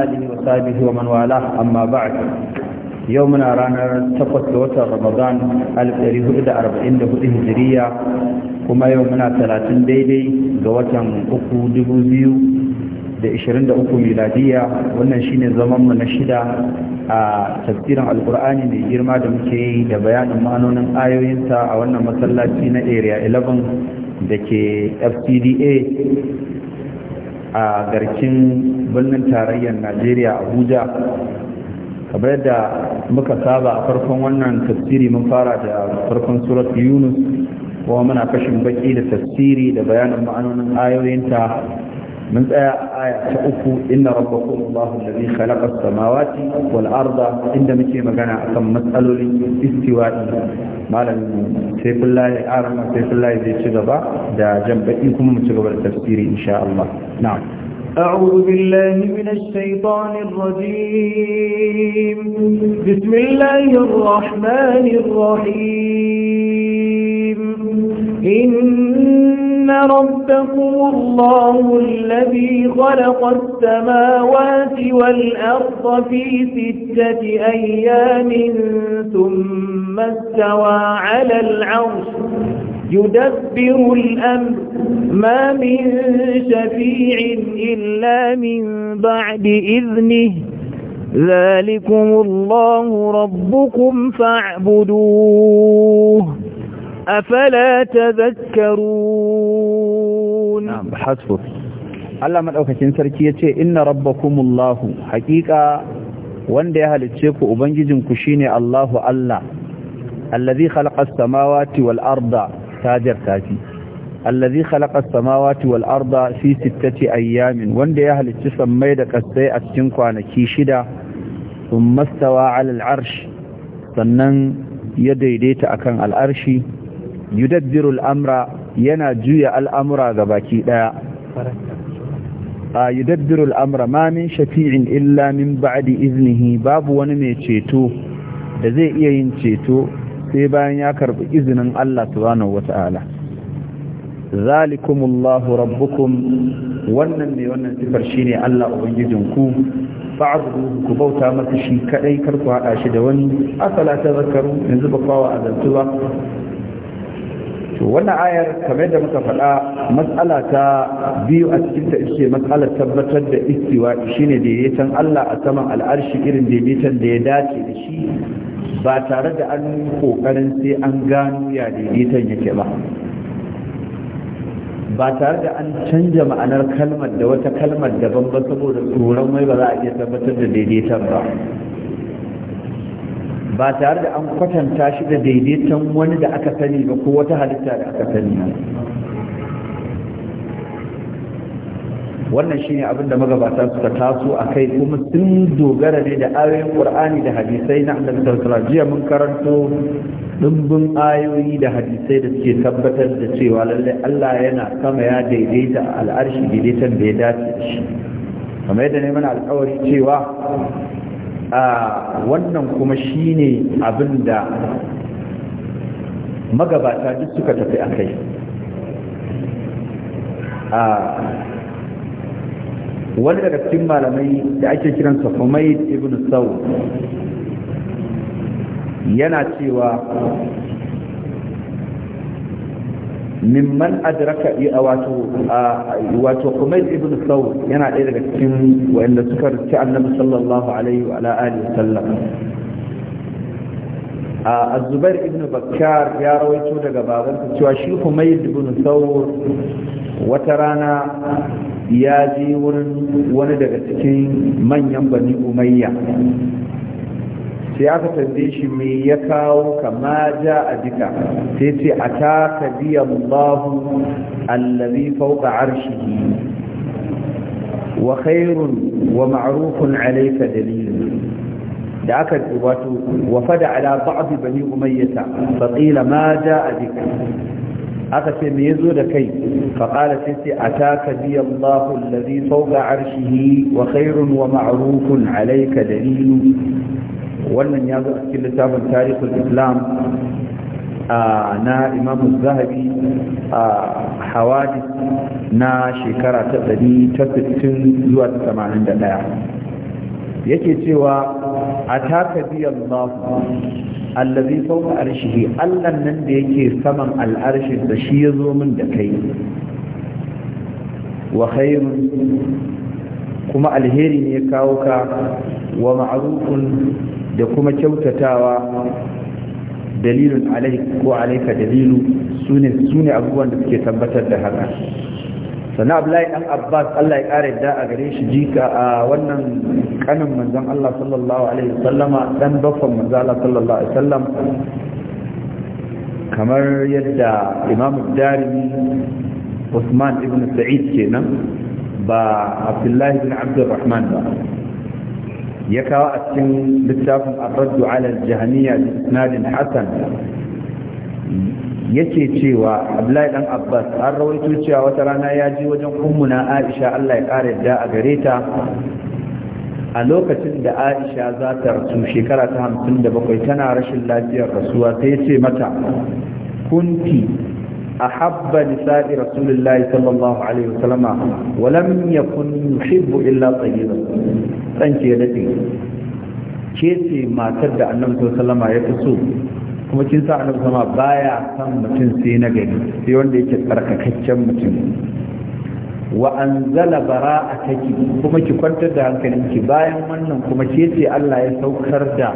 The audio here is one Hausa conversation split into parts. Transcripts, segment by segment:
آله وصحبه ومن والاه أما بعد يومنا رانا تقص لوتر رمضان 1444 هجرية كما يومنا 30 ديدي قوتا أكو دبوزيو miladiya wannan shine zaman mu na shida a tafsirin alkur'ani mai girma da muke yi da bayanin ma'anonin ayoyinsa a wannan masallaci na area 11 da ke fcda a garkin birnin tarayyar najeriya abuja kamar yadda muka saba a farkon wannan tafsiri mun fara da farkon surat yunus kuma muna kashin baki da tafsiri da bayanin ma'anonin ayoyinta من آية أكو آية إن ربكم الله الذي خلق السماوات والأرض عند مكي مغانا أكم مسألة الاستواء مالا سيف الله أعلم سيف الله ذي شغبا دا من مشغب التفسير إن شاء الله نعم أعوذ بالله من الشيطان الرجيم بسم الله الرحمن الرحيم ربكم الله الذي خلق السماوات والأرض في ستة أيام ثم استوى على العرش يدبر الأمر ما من شفيع إلا من بعد إذنه ذلكم الله ربكم فاعبدوه أفلا تذكرون نعم حسب Allah madaukakin sarki yace inna rabbakumullahu haƙiƙa wanda ya halicce ku ubangijinku shine Allahu Allah allazi khalaqa as-samawati wal arda tajar tafi allazi khalaqa as-samawati wal arda fi sittati ayyamin wanda ya halicci sammai da kasai a cikin kwanaki shida thumma stawa 'ala sannan ya daidaita akan al'arshi. yudabbiru al'amra yana juya al'amura ga baki ɗaya a yudabbiru al'amra ma min shafi'in illa min ba'di iznihi babu wani mai ceto da zai iya yin ceto sai bayan ya karbi izinin Allah subhanahu wata'ala zalikumullahu rabbukum wannan mai wannan sifar shine Allah ubangijinku fa'budu ku bauta masa shi kadai kar ku hada shi da wani ta zakaru yanzu ba a azantu ba to wannan ayar kamar yadda muka faɗa matsala ta biyu a cikin ta ce matsalar tabbatar da istiwa shine daidaiton Allah a saman al'arshi irin daidaiton da ya dace da shi ba tare da an kokarin sai an gano ya daidaiton yake ba ba tare da an canja ma'anar kalmar da wata kalmar daban ba saboda tsoron mai ba za a iya tabbatar da daidaiton ba ba tare da an kwatanta shi da daidaiton wani da aka sani ba ko wata halitta da aka sani ba wannan shine abin da magabata suka taso a kai kuma sun dogara ne da ayoyin qur'ani da hadisai na annabi sallallahu jiya mun karanto dimbin ayoyi da hadisai da suke tabbatar da cewa lallai Allah yana sama ya daidaita al'arshi daidaitan da ya dace da shi kamar yadda ne mana alƙawari cewa a wannan kuma shi ne abin da magabata duk suka tafi a kai wani daga cikin malamai da ake kiransa Humayd ibn Saud yana cewa mimman adraka wato wato Humayd ibn Thawr yana ɗaya daga cikin wanda suka rici Annabi sallallahu alaihi wa alihi sallam Az-Zubair ibn Bakkar ya rawaito daga babansa cewa shi Humayd ibn Thawr wata rana ya je wurin wani daga cikin manyan Bani Umayya sai aka tambaye shi me ya kawo ka ja a bika sai ce a ta ka biya Allahu allazi fawqa arshihi wa khairun wa ma'rufun alayka dalilun da aka wato wafada ala ba'd bani umayyah fa qila ma ja'a bika aka ce me yazo da kai fa qala sai sai ataka bi Allahu alladhi fawqa arshihi wa khairun wa ma'rufun alayka dalilu wannan ya zo a cikin littafin tarihul islam na imamu zahabi a hawadis na shekara ta ɗari ta sittin zuwa ta tamanin da ɗaya yake cewa a taka biyan mafu allazi fauka arshihi allan nan da yake saman al'arshin da shi ya zo min da kai wa khairun kuma alheri ne ya kawo ka wa ma'arufin da kuma kyautatawa dalilun alai ko alaika dalilu su ne abubuwan da suke tabbatar da haka sannan abdullahi dan abbas allah ya kare da a gare shi jika a wannan kanin manzon allah sallallahu alaihi wasallama dan baffan manzon allah sallallahu alaihi wasallam kamar yadda imam darimi usman ibn sa'id kenan ba abdullahi ibn abdurrahman ba ya kawo a cikin littafin arraddu ala jahaniya isnadin hasan yake cewa abdullahi dan abbas an rawaito cewa wata rana ya ji wajen ummuna aisha allah ya kara yadda a gare ta a lokacin da aisha za ta rasu shekara ta hamsin da bakwai tana rashin lafiyar rasuwa sai ce mata kunti أحب نساء رسول الله صلى الله عليه وسلم ولم يكن يحب إلا طيبا أنت يا كيسي ما تدعى النبي صلى الله عليه وسلم kuma kin sa annabi sama baya san mutum sai na gari sai wanda yake tsarkakaccen mutum wa anzala bara'ataki kuma ki kwantar da hankalinki bayan wannan kuma ke ce Allah ya saukar da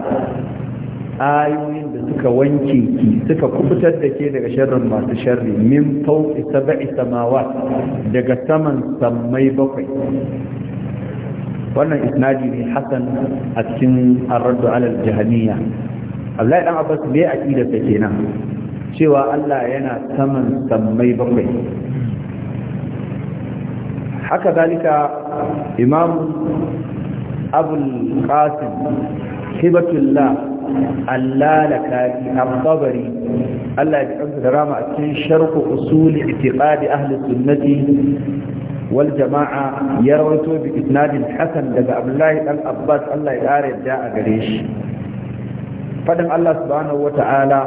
ayoyin da suka wanke ki suka kubutar da ke daga sharrin masu sharri min fauki sab'i samawat daga saman sammai bakwai wannan isnadi ne hasan a cikin arraddu alal jahaniya Allah dan Abbas me aqida ta kenan cewa Allah yana saman sammai bakwai haka zalika imam abul qasim hibatullah allalakari al Allah ya kansa da rama a cikin sharhu usuli i'tiqadi ahli sunnati wal jama'a ya rawaito bi isnadin hasan daga Abdullahi dan Abbas Allah ya kare da a gare shi fadin Allah subhanahu wata'ala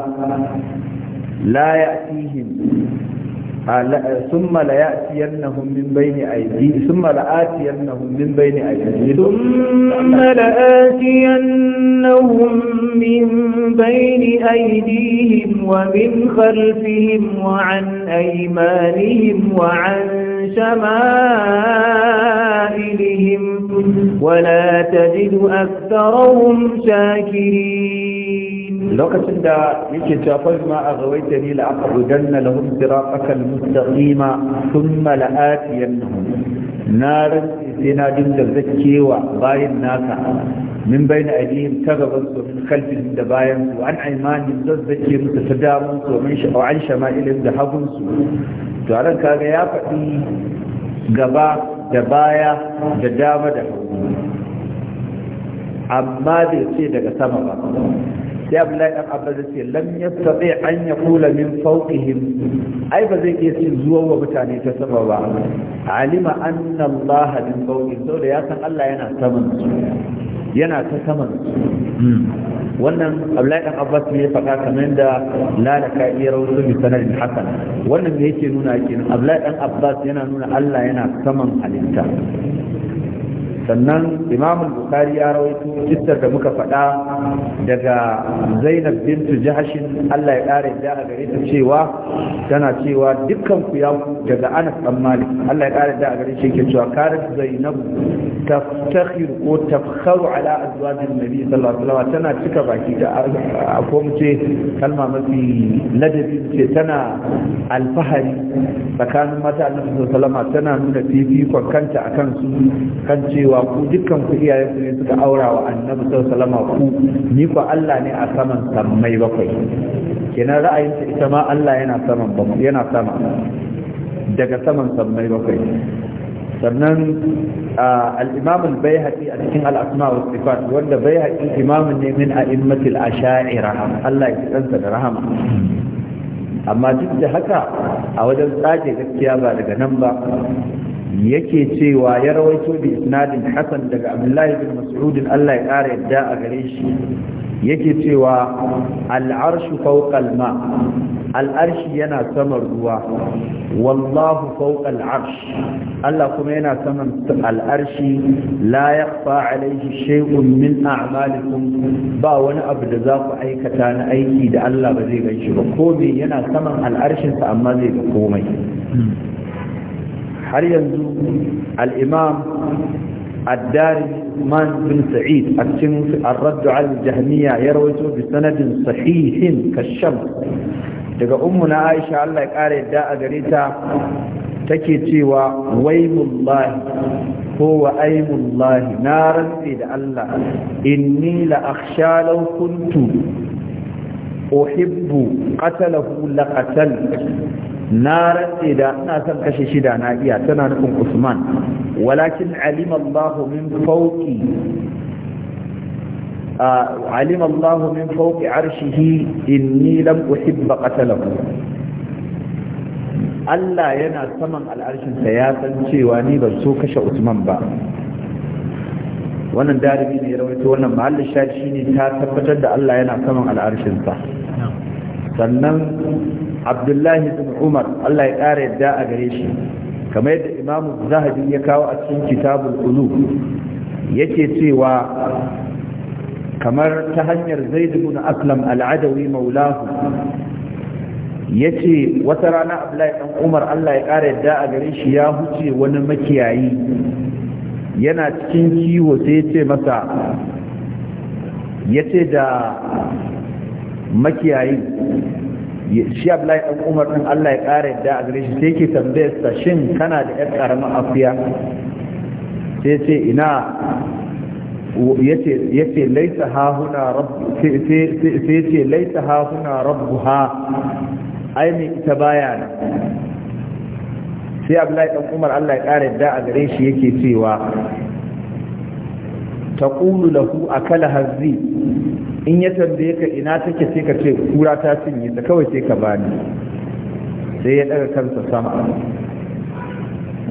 la ya'tihim ثم ليأتينهم من بين أيديهم ثم لآتينهم من بين أيديهم ثم لآتينهم من بين أيديهم ومن خلفهم وعن أيمانهم وعن شمائلهم ولا تجد أكثرهم شاكرين lokacin da yake cewa fa ma a gawaita ni la aqudanna lahum siraqaka almustaqima thumma la atiyannahum naran sai na dinga zakkewa bayan naka min bayna aidihim ta gaban su min kalbin da bayan su an aimanin zazzake musu ta damun su min sha'an shama'ilin da hagun su to ran kaga ya faɗi gaba da baya da dama da hagu amma bai ce daga sama ba sai abdullahi dan abbas ce lam yastati an yaqula min fawqihim ai ba zai iya cin zuwa wa mutane ta sama ba alima anna allah min sau da ya san allah yana saman yana ta saman hmm. wannan abdullahi ɗan abbas ne ya faɗa kamar da lalaka iya rawaito bi sanadin hasan wannan ne yake nuna kenan abdullahi ɗan abbas yana nuna allah yana saman halitta sannan imam bukhari ya rawaito jittar da muka faɗa daga zainab bintu jahashin allah ya ƙara da a gare ta cewa tana cewa dukkan ku ya daga anas dan malik allah ya ƙara da a gare shi ke cewa karat zainab taftakhir ko tafkharu ala azwajin nabi sallallahu alaihi wasallam tana cika baki da a ko mu ce kalma mafi ladabi ce tana alfahari tsakanin mata annabi sallallahu alaihi wasallam tana nuna fifikon kanta akan su kan cewa cewa ku dukkan ku iyaye ku ne suka aura wa annabi sallallahu alaihi ku ni ko Allah ne a saman sammai bakwai kenan ta ita ma Allah yana saman bakwai yana sama daga saman sammai bakwai sannan al-imam al-bayhaqi a cikin al-asma wa sifat wanda bayhaqi imamun ne min a'immatil asha'ira Allah ya kansa da rahama amma duk da haka a wajen tsaje gaskiya ba daga nan ba yake cewa ya rawaito bi isnadin hasan daga abdullahi bin masudin Allah ya kara yadda a gare shi yake cewa al'arshu fawqa ma al'arshi yana saman ruwa wallahu fawqa Allah kuma yana saman al'arshi la yakhfa alayhi shay'un min a'malikum ba wani abu da za ku aikata na aiki da Allah ba zai ganshi ba komai yana saman al'arshin sa amma zai ga komai har yanzu al’imam addari man bin sa’id a cikin arraddu al-jahmiya ya rawaito bi sanadin sahihin kashan daga umu aisha allah ya ƙara yadda a gare ta take cewa waimullahi ko wa aimullahi na rantse da allah inni la akshalau kuntu ohibbu qatalahu la qatal na rantse da ina son kashe shida na iya tana nufin usman walakin alim allahu min fauki alim allahu min fauki arshihi inni lam uhibba qatalahu Allah yana saman al'arshinsa ya san cewa ni ban so kashe Usman ba wannan daribi ne ya rawaito wannan mahallin shashi ne ta tabbatar da Allah yana saman al'arshinsa sannan abdullahi bin umar allah ya ƙara yadda a gare shi kamar yadda imamu zahabi ya kawo a cikin kitabul ulu yake cewa kamar ta hanyar zaid bin aslam al'adawi maulahu yace wata rana abdullahi dan umar allah ya ƙara yadda a gare shi ya huce wani makiyayi yana cikin kiwo sai ya ce masa ya ce da makiyayin shi Abdullahi dan Umar din Allah ya kare yadda a gare shi sai ke tambayar sa shin kana da yar ƙaramin afiya sai ce ina yace yace laisa ha huna rabb sai yace laisa ha huna rabbuha ai me ita baya nan sai Abdullahi dan Umar Allah ya kare yadda a gare shi yake cewa ta taqulu lahu akala hazzi in ya tambaye ka ina take sai ka ce kura ta cinye ta kawai sai ka bani sai ya daga kansa sama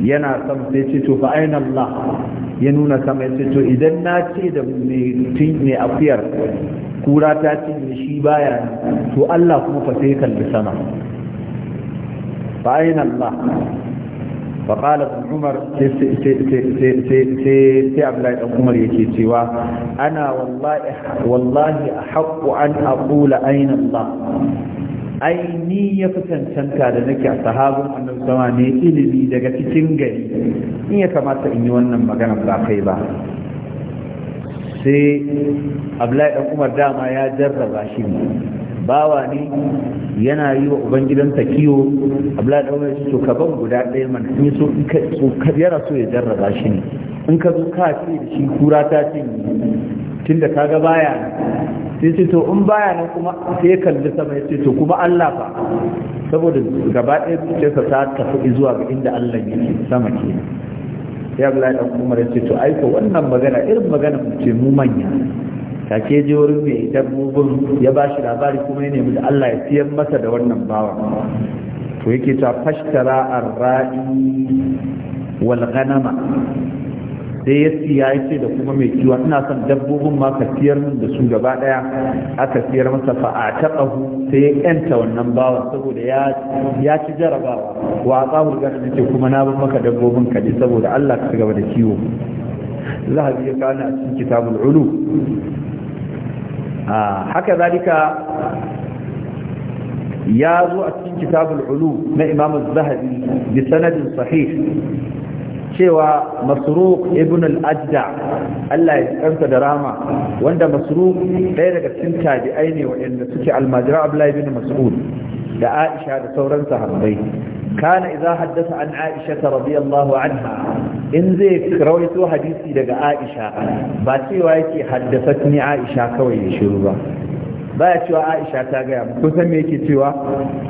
yana sama sai ce to fa aina Allah ya nuna sama ya ce to idan na ce da mai afiyar kura ta cinye shi baya to Allah kuma fa sai kalli sama fa aina Allah فقال umar عمر سي عبد الله بن عمر يكي سوى انا والله والله احق ان اقول ai ni ya fi cancanta da nake a sahabin annabi sama ne ilimi daga cikin gari in ya kamata in yi wannan magana ba kai ba sai abdullahi ɗan umar dama ya jarraba shi ne bawa ne yana yi wa ubangidansa kiwo abla da wani to ka ban guda ɗaya mana in so in ka so ka yara so ya jarraba shi ne in ka zo ka ce da shi kura ta cinye tunda kaga baya sai ce to in baya nan kuma sai ya kalli sama ya ce to kuma Allah fa saboda gaba ɗaya zuciyarsa ta tafi zuwa ga inda Allah yake sama ke sai Abdullahi da Umar ya ce to aiko wannan magana irin magana mu ce mu manya Kake je wurin mai dabbobin ya ba shi labari kuma ya nemi da Allah ya siyan masa da wannan bawa to yake ta fashtara arra'i wal ghanama sai ya siya ya da kuma mai kiwa ina son dabbobin ma ka siyar min da su gaba daya aka siyar masa fa a ƙahu sai ya yanta wannan bawa saboda ya ci jarabawa wa tsahur gana ce kuma na bin maka dabbobin ka saboda Allah ka gaba da kiwo zahabi ya kana a cikin kitabul ulu Ah, haka zalika ya zo a cikin kitabul ulu na imam zahabi bi sanadin sahih cewa masruq ibn al-ajda Allah ya kansa da rama wanda masruq ɗaya daga cikin tabi'ai ne waɗanda suke almajira abdullahi ibn mas'ud da Aisha da sauran sahabbai kana idza haddatha an Aisha radiyallahu anha in zai rawaito hadisi daga Aisha ba cewa yake ni Aisha kawai ya shiru ba baya cewa Aisha ta gaya mu san me yake cewa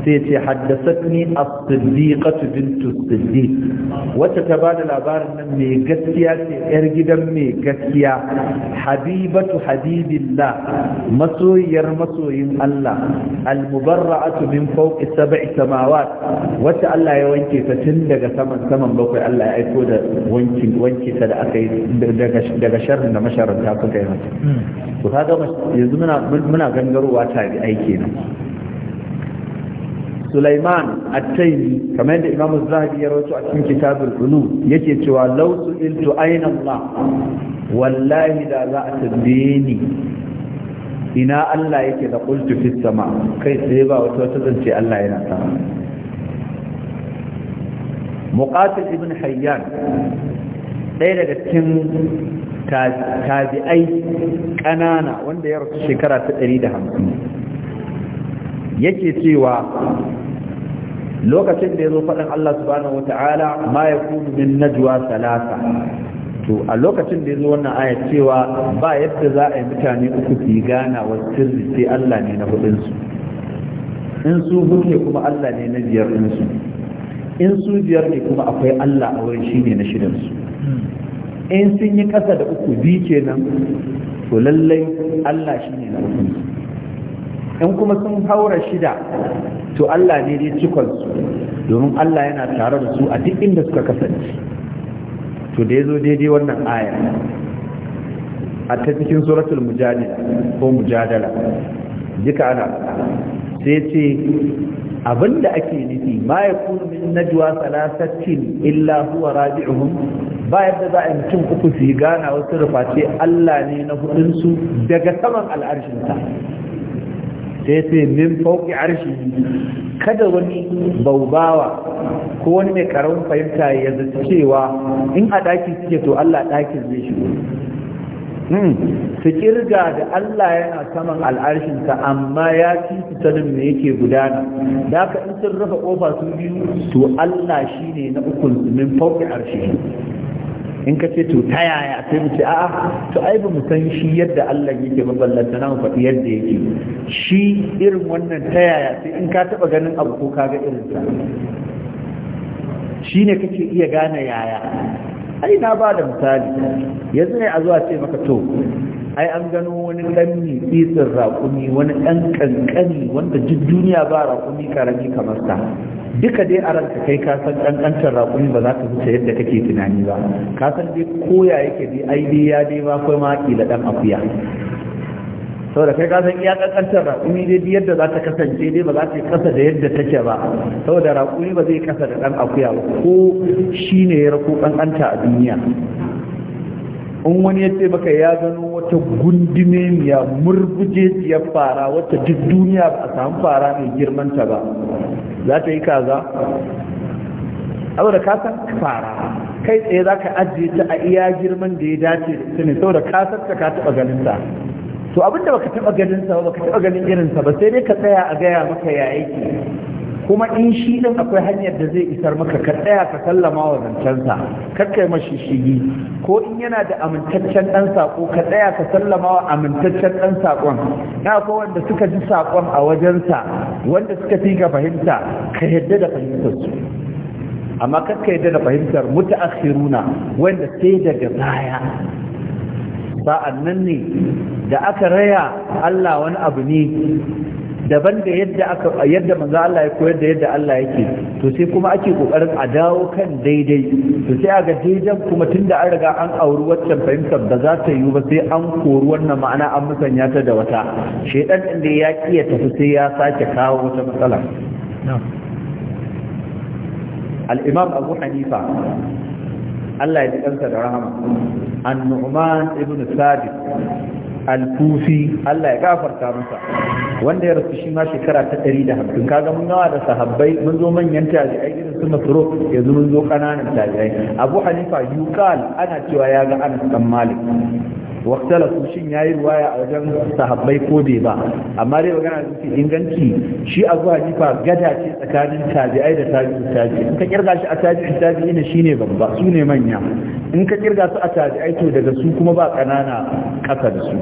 sai ce haddathani as-siddiqatu bintu siddiq wacce ta bada labarin nan mai gaskiya ce yar gidan mai gaskiya habibatu habibillah masoyiyar masoyin Allah al-mubarra'atu min fawqi sab'i samawat wacce Allah ya wanke ta tun daga saman saman bakwai Allah ya aiko da wanki wanki ta da aka yi daga daga sharrin da masharanta suka kai mata hmm. to kaga yanzu muna muna ganin gangarowa aiki kenan Sulaiman At-Taymi kamar yadda Imam Zahabi ya rawaito a cikin Kitabul Qunut yake cewa law su'iltu aina Allah wallahi da za a tambaye ni ina Allah yake da qultu fis sama kai sai ba wata wata zance Allah yana sama Muqatil ibn Hayyan ɗaya daga cikin tabi'ai ƙanana wanda ya rasu shekara ta 150 yake cewa lokacin da ya zo faɗin Allah subhanahu wata'ala ma ya min salasa to a lokacin da ya zo wannan aya cewa ba yadda za a yi mutane uku fi yi gana wa sirri sai Allah ne na hudunsu in su huke kuma Allah ne na biyar ɗinsu in su biyar ne kuma akwai Allah a wurin shi ne na shidansu in sun yi ƙasa da uku biyu kenan to lallai Allah shi ne na uku in kuma sun haura shida to Allah ne dai cikonsu domin Allah yana tare da su a duk inda suka kasance to da ya zo daidai wannan aya a ta cikin suratul mujadila ko mujadala duka ana sai ce da ake nufi ma ya min najwa salasatin illa huwa rabi'uhum ba yadda za a yi mutum uku su yi gana wasu rufaci Allah ne na hudunsu daga saman ta. sai sai min fauki arshi kada wani baubawa ko wani mai karamin fahimta ya zata cewa in a ɗaki suke to Allah dakin zai shigo Hmm. su kirga da Allah yana saman al'arshinsa amma ya ci su sanin me yake gudana da ka in sun rufe kofa su biyu to Allah shine na ukun min fauki arshi in ka ce to ta yaya sai mu ce a'a to ai ba mu san shi yadda Allah yake ba ballanta na mu faɗi yadda yake shi irin wannan ta yaya sai in ka taba ganin abu ko ka ga irin sa shine kake iya gane yaya ai na ba da misali yanzu ne a zuwa ce maka to ai an gano wani ɗan tsitsin raƙumi wani ɗan ƙanƙani wanda duk duniya ba raƙumi karami kamar sa duka dai a ranka kai ka san ƙanƙancin raƙumi ba za ka wuce yadda kake tunani ba ka san dai koya yake dai ai dai ya dai ma kai ma ƙila ɗan akuya saboda kai ka san iya kankantar raƙumi dai yadda za ta kasance dai ba za ta kasa da yadda take ba saboda raƙumi ba zai kasa da ɗan akuya ba ko shi ne ya raƙo ƙanƙanta a duniya in wani ya ce maka ya gano wata gundume miya murguje ya fara wata duk duniya ba a samu fara mai girmanta ba za ta yi kaza Saboda kasan fara kai tsaye za ka ajiye ta a iya girman da ya dace da ita ne saboda kasar ka taɓa ganin ta to abinda baka taba ganin sa baka taba ganin irin sa ba sai dai ka tsaya a gaya maka ya yake kuma in shi din akwai hanyar da zai isar maka ka tsaya ka sallama wa zancensa kar kai mashi shigi ko in yana da amintaccen dan sako ka tsaya ka sallama wa amintaccen dan sakon na ko wanda suka ji sakon a wajensa wanda suka fi ga fahimta ka yadda da fahimtar su amma kar ka da fahimtar mutaakhiruna wanda sai daga baya sa'an nan ne da aka raya Allah wani abu ne daban da yadda aka Allah ya koyar da yadda Allah yake to sai kuma ake kokarin a dawo kan daidai to sai ga daidan kuma tun da an riga an auri waccan fahimtar ba za ta yiwu ba sai an kori wannan ma'ana an musanya ta da wata shedan din da ya kiya tafi sai ya sake kawo wata matsala al-imam Abu Hanifa Allah ya ji kansa da rahama an-nu'man ibn sabit Alkufi Allah ya gafarta masa wanda ya rasu shi ma shekara ta ɗari da hamsin kaga mun gawa da sahabbai mun zo manyan tabi'ai irin su masruq yanzu mun zo kananan tabi'ai Abu Hanifa yuqal ana cewa ya ga Anas dan Malik su shin yayi ruwaya a wajen sahabbai ko bai ba amma dai magana da inganci shi Abu Hanifa gada ce tsakanin tabi'ai da tabi'in tabi'in ka kirga shi a tabi'in tabi'in shine babba su ne manya in ka kirga su a taji to daga su kuma ba ƙanana ƙasa da su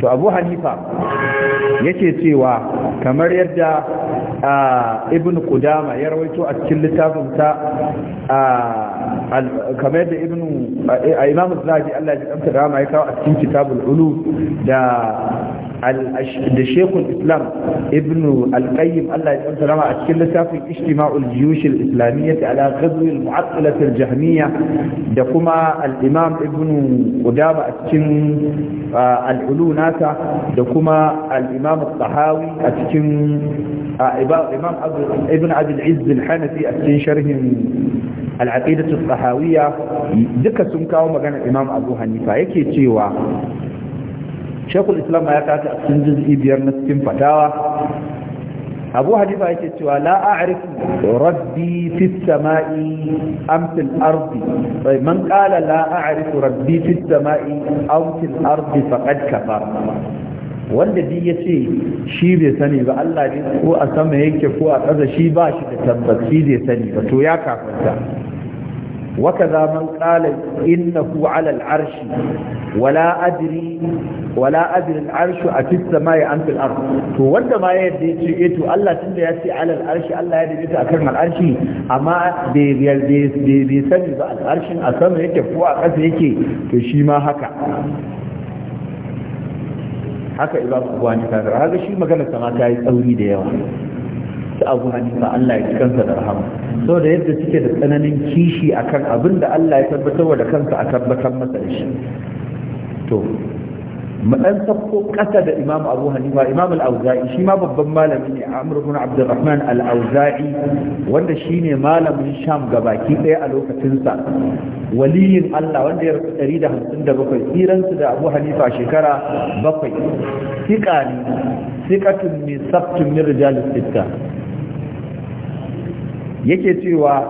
to abu hanifa yake cewa kamar yadda ah, ibn Kudama ya rawaito a cikin littafinsa a ah, kamar yadda ibnu a imam zahabi Allah ya kamta da ma ya kawo a cikin kitabul ulu da da shekul islam ibnu al-qayyim Allah ya kamta da ma a cikin littafin ijtima'ul jiyush al-islamiyyah ala ghazw al-mu'attilah al-jahmiyya da kuma al-imam ibnu qudama a cikin al-ulu nasa da kuma al-imam al-tahawi a cikin imam ibn abd al-izz al-hanafi a cikin sharhin al-aqidah sahawiya duka sun kawo magana imam abu hanifa yake cewa shekul islam ya kata a cikin juz'i biyar na cikin fatawa abu hanifa yake cewa la rabbi fi samai ardi bai man kala la a'rif rabbi fi samai ardi faqad wanda bi ya ce shi bai sani ba Allah ne ko a sama yake ko a ƙasa shi ba shi da tabbaci bai sani ba to ya kafanta. وكذا من قال إنه على العرش ولا أدري ولا أدري العرش أتي السماء أم في الأرض وانت ما يدي إتو الله تند يأتي على العرش الله يدي إتو أكرم العرش أما بي بي بي بي بي سني بقى العرش أسمى يكي فوق أسمى يكي تشيما هكا haka ibabu kuwa ne kaga shi magana sama ta yi tsauri da yawa su abu hanifa Allah ya ci kansa da rahama so da yadda suke da tsananin kishi akan abin da Allah ya tabbatar da kansa a tabbatar masa da shi to dan sako kasa da Imam Abu Hanifa Imam Al-Auza'i shi ma babban malami ne Amr ibn Abdurrahman Al-Auza'i wanda ne malamin Sham gabaki daya a lokacin sa waliyin Allah wanda ya rasu 157 tsiransu da Abu Hanifa shekara bakwai sika ne sikatun min sabtun min rijalis sitta yake cewa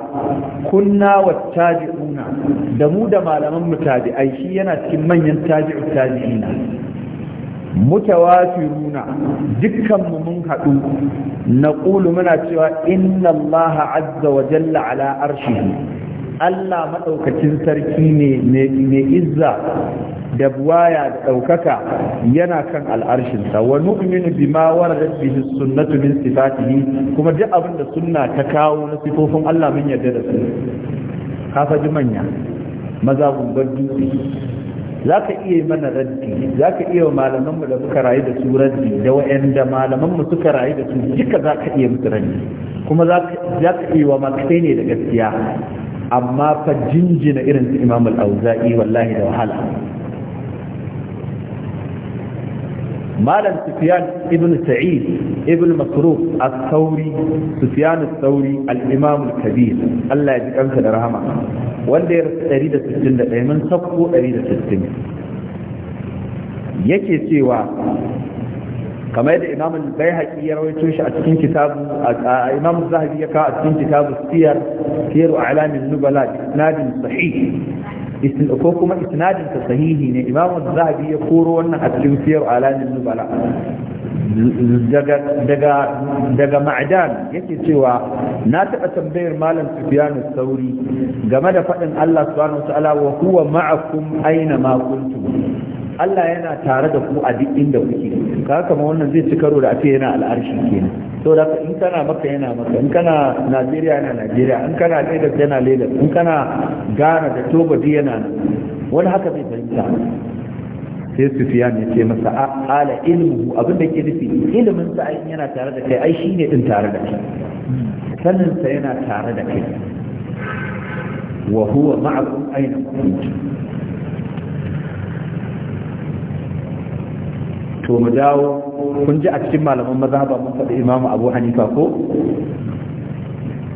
kunna wa tabi'una da mu da malaman mu tabi'ai shi yana cikin manyan tabi'u tabi'ina mutawafiruna dukkan mu mun haɗu na Kulu muna cewa inna allaha azza wa jalla ala arshihi Allah maɗaukacin sarki ne mai izza da buwaya da ɗaukaka yana kan al'arshinsa wa nu'minu bima waradat bihi sunnatu min sifatihi kuma duk abin da sunna ta kawo na sifofin Allah mun yarda da su ka faji manya maza gumbar dutse za ka iya mana raddi za ka iya malamanmu da muka rayu da su raddi da wa'anda malamanmu suka rayu da su duka za ka iya musu raddi kuma za ka iya wa makai ne da gaskiya amma fa jinjina irin su imam al-auza'i wallahi da wahala malam sufyan ibn sa'id ibn masruq as-sauri sufyan as-sauri al-imam al-kabir Allah ya kansa da rahama wanda ya rasu 161 mun sakko 160 yake cewa kamar yadda imam al-baihaqi ya rawaito shi a cikin kitabu imam zahabi ya kawo a cikin kitabu siyar siyaru alamin nubala isnadin sahih ko kuma isnadin ta sahihi ne imam zahabi ya koro wannan a cikin siyar alamin nubala daga daga daga ma'adan yake cewa na taɓa tambayar malam sufyanu sauri game da faɗin Allah subhanahu wa ta'ala wa huwa ma'akum aina ma kuntum Allah yana tare da ku a duk inda kuke ka kama wannan zai ci karo da ake yana al'arshi kenan to da in kana maka yana maka in kana Najeriya yana Najeriya in kana Lagos yana Lagos in kana Ghana da Togo duk yana wani haka zai fahimta sai Sufyan ne ce masa ala ilmuhu abin da ke nufi ilimin sa yana tare da kai ai shine din tare da kai sanin sa yana tare da kai wa huwa ma'akum aina kuntum to mu dawo kun ji a cikin malaman mazhaba mun faɗi imamu abu hanifa ko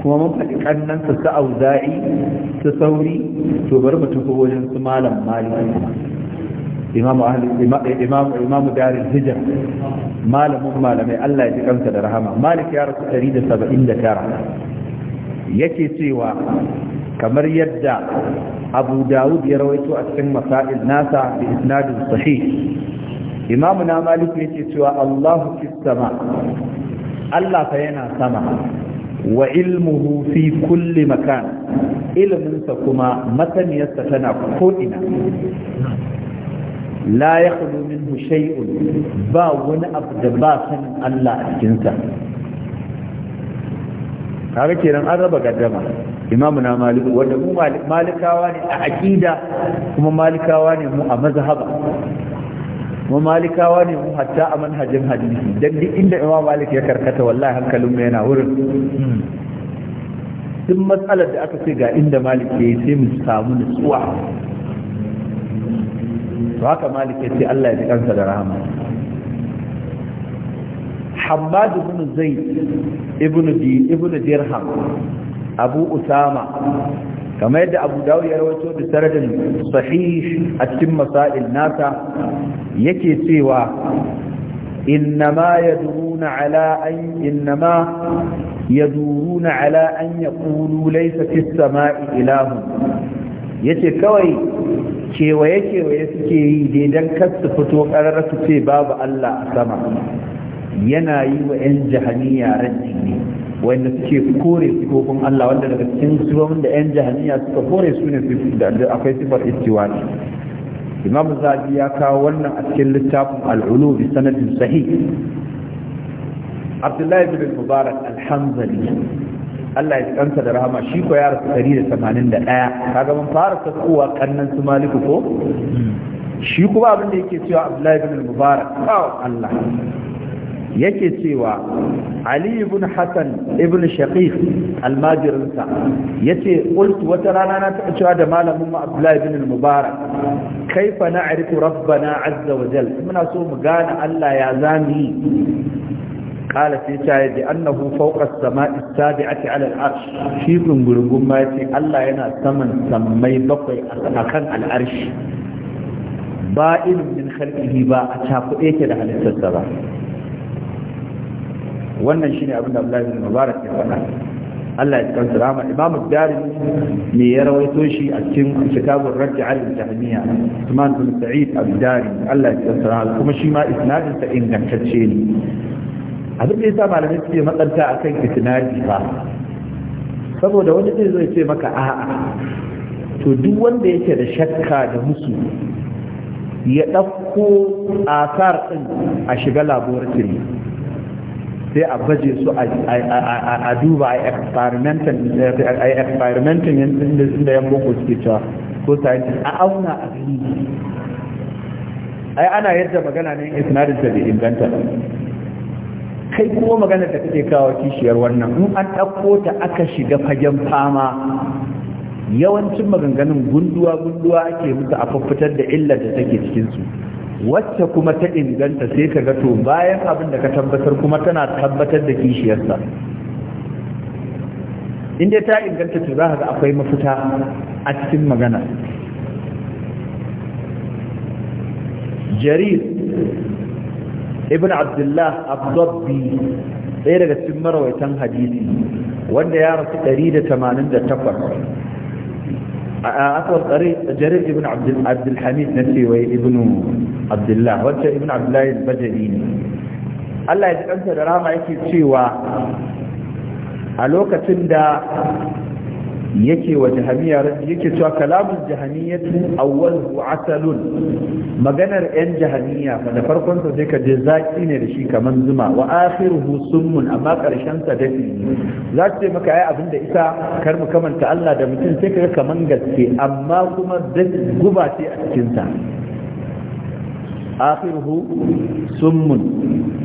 kuma mun faɗi ƙannan su sa auza'i su sauri to bari mu tafi wajen su malam malik imamu ahli imamu imamu darul hijra malamin malamai Allah ya ji kansa da rahama malik ya rasu 179 yake cewa kamar yadda abu dawud ya rawaito a cikin masail nasa bi isnadin sahih imamu na malik yake cewa allahu fi sama allah fa yana sama wa ilmuhu fi kulli makan Iliminsa kuma masaniyarsa tana ko'ina la ya minhu shay'un ba wani abu da ba sanin allah a cikinsa kaga kenan an raba gaddama imamu na maliku wanda mu malikawa ne a aƙida kuma malikawa ne mu a mazhaba mu malikawa ne mu hatta a manhajin hadisi dan duk inda imam malik ya karkata wallahi hankalin mu yana wurin duk matsalar da aka ce ga inda malik ya yi sai mu samu nutsuwa to haka malik ya ce Allah ya ji kansa da rahama Hammad ibn Zaid ibn Dirham Abu Usama kamar yadda abu dawo ya rawaito da saradin sahih a cikin masail nasa yake cewa innama yaduruna ala an innama yaduruna ala an yaqulu laysa fis sama'i ilahun yace kawai kewaye kewaye suke yi daidan kar su fito karar su ce babu Allah a sama yana yi wa 'yan jahaniya rajin ne wanda suke kore sifofin Allah wanda daga cikin sifofin da 'yan jahaniya suka kore su ne da akwai sifar istiwani imam zabi ya kawo wannan a cikin littafin al'ulu bi sanadin sahih abdullahi bin mubarak alhamdali Allah ya ji kansa da rahama shi ko ya rasu ɗaya. kaga mun fara tsakuwa kannan su maliku ko hmm. shi kuma abin da yake cewa abdullahi bin mubarak Allah yake cewa Aliyu ibn Hassan ibn shaqiq al-majiri sa yace qultu wata rana na ta cewa da malamin mu abdullahi ibn al-mubarak kaifa na'rifu rabbana azza wa jal muna so mu gane allah ya zami kala sai ta yi annahu fawqa as-sama'i as-sabi'ati ala al-arsh shi gungurungun ma yace allah yana saman sammai bakwai a al-arsh ba ilmin khalqihi ba a cakuɗe yake da halittarsa ba wannan shine abin da Abdullahi bin Mubarak ya faɗa Allah ya kansa rahama Imam Darimi ne ya rawaito shi a cikin kitabun Raj'i al-Tahmiya Usman bin Sa'id al-Darimi Allah ya kansa rahama kuma shi ma isnadin sa ingantacce ne abin da yasa malamai suke matsanta akan isnadi ba saboda wani zai zo ya ce maka a'a to duk wanda yake da shakka da musu ya ɗauko asar ɗin a shiga laboratory sai a baje su a duba a experimentin yanzu inda yan boko suke cewa ko sayanci a auna a fili ai ana yadda magana ne isnadin da inganta kai kuma magana da kake kawo kishiyar wannan in an ɗauko ta aka shiga fagen fama yawancin maganganun gunduwa-gunduwa ake mutu a fafitar da illar da take cikinsu wacce kuma ta inganta sai ka ga to bayan abin da ka tabbatar kuma tana tabbatar da kishiyarsa inda ta inganta to za ka ga akwai mafita a cikin magana jarir ibn abdullah abdubbi ɗaya daga cikin marawaitan hadisi wanda ya rasu 188 asar tsare jarir ibn abdulhamid na cewa ibn abdullah wacce ibn abdullah bajari ne Allah ya ji ɗansa da rama yake cewa a lokacin da yake wa jahamiya yake cewa kalamun jahamiyatin awwalu asalun maganar yan jahamiya fa da farkon sa sai ka je zaki ne da shi kaman zuma wa akhiruhu summun amma karshen sa dafi za ta ce maka ai abin da isa kar mu kamanta Allah da mutum sai ka kaman gaske amma kuma guba ce a cikin sa آخره سم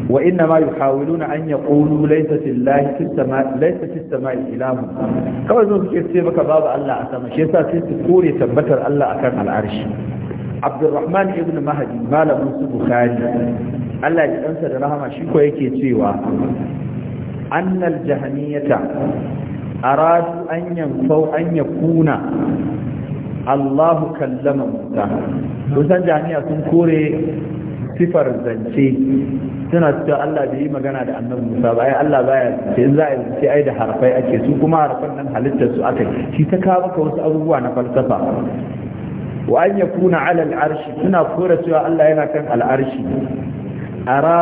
وإنما يحاولون أن يقولوا ليس في الله في السماء ليس في السماء إله كما زون في كتابك باب الله أسامة شيسا تقولي تبتر الله أكان على العرش عبد الرحمن ابن مهدي مال موسى بخاري الله يأنسى لرحمة شكو يكي تيوا أن الجهمية أرادوا أن ينفوا أن يكون Allahu kallama Musa kusan jami'a sun kore sifar zance suna cewa Allah bai yi magana da annabi Musa ba ai Allah baya sai za a ce ai da harfai ake su kuma harfan nan halittar su shi ta kawo maka wasu abubuwa na falsafa wa an yakuna ala al-arshi suna kore cewa Allah yana kan al-arshi ara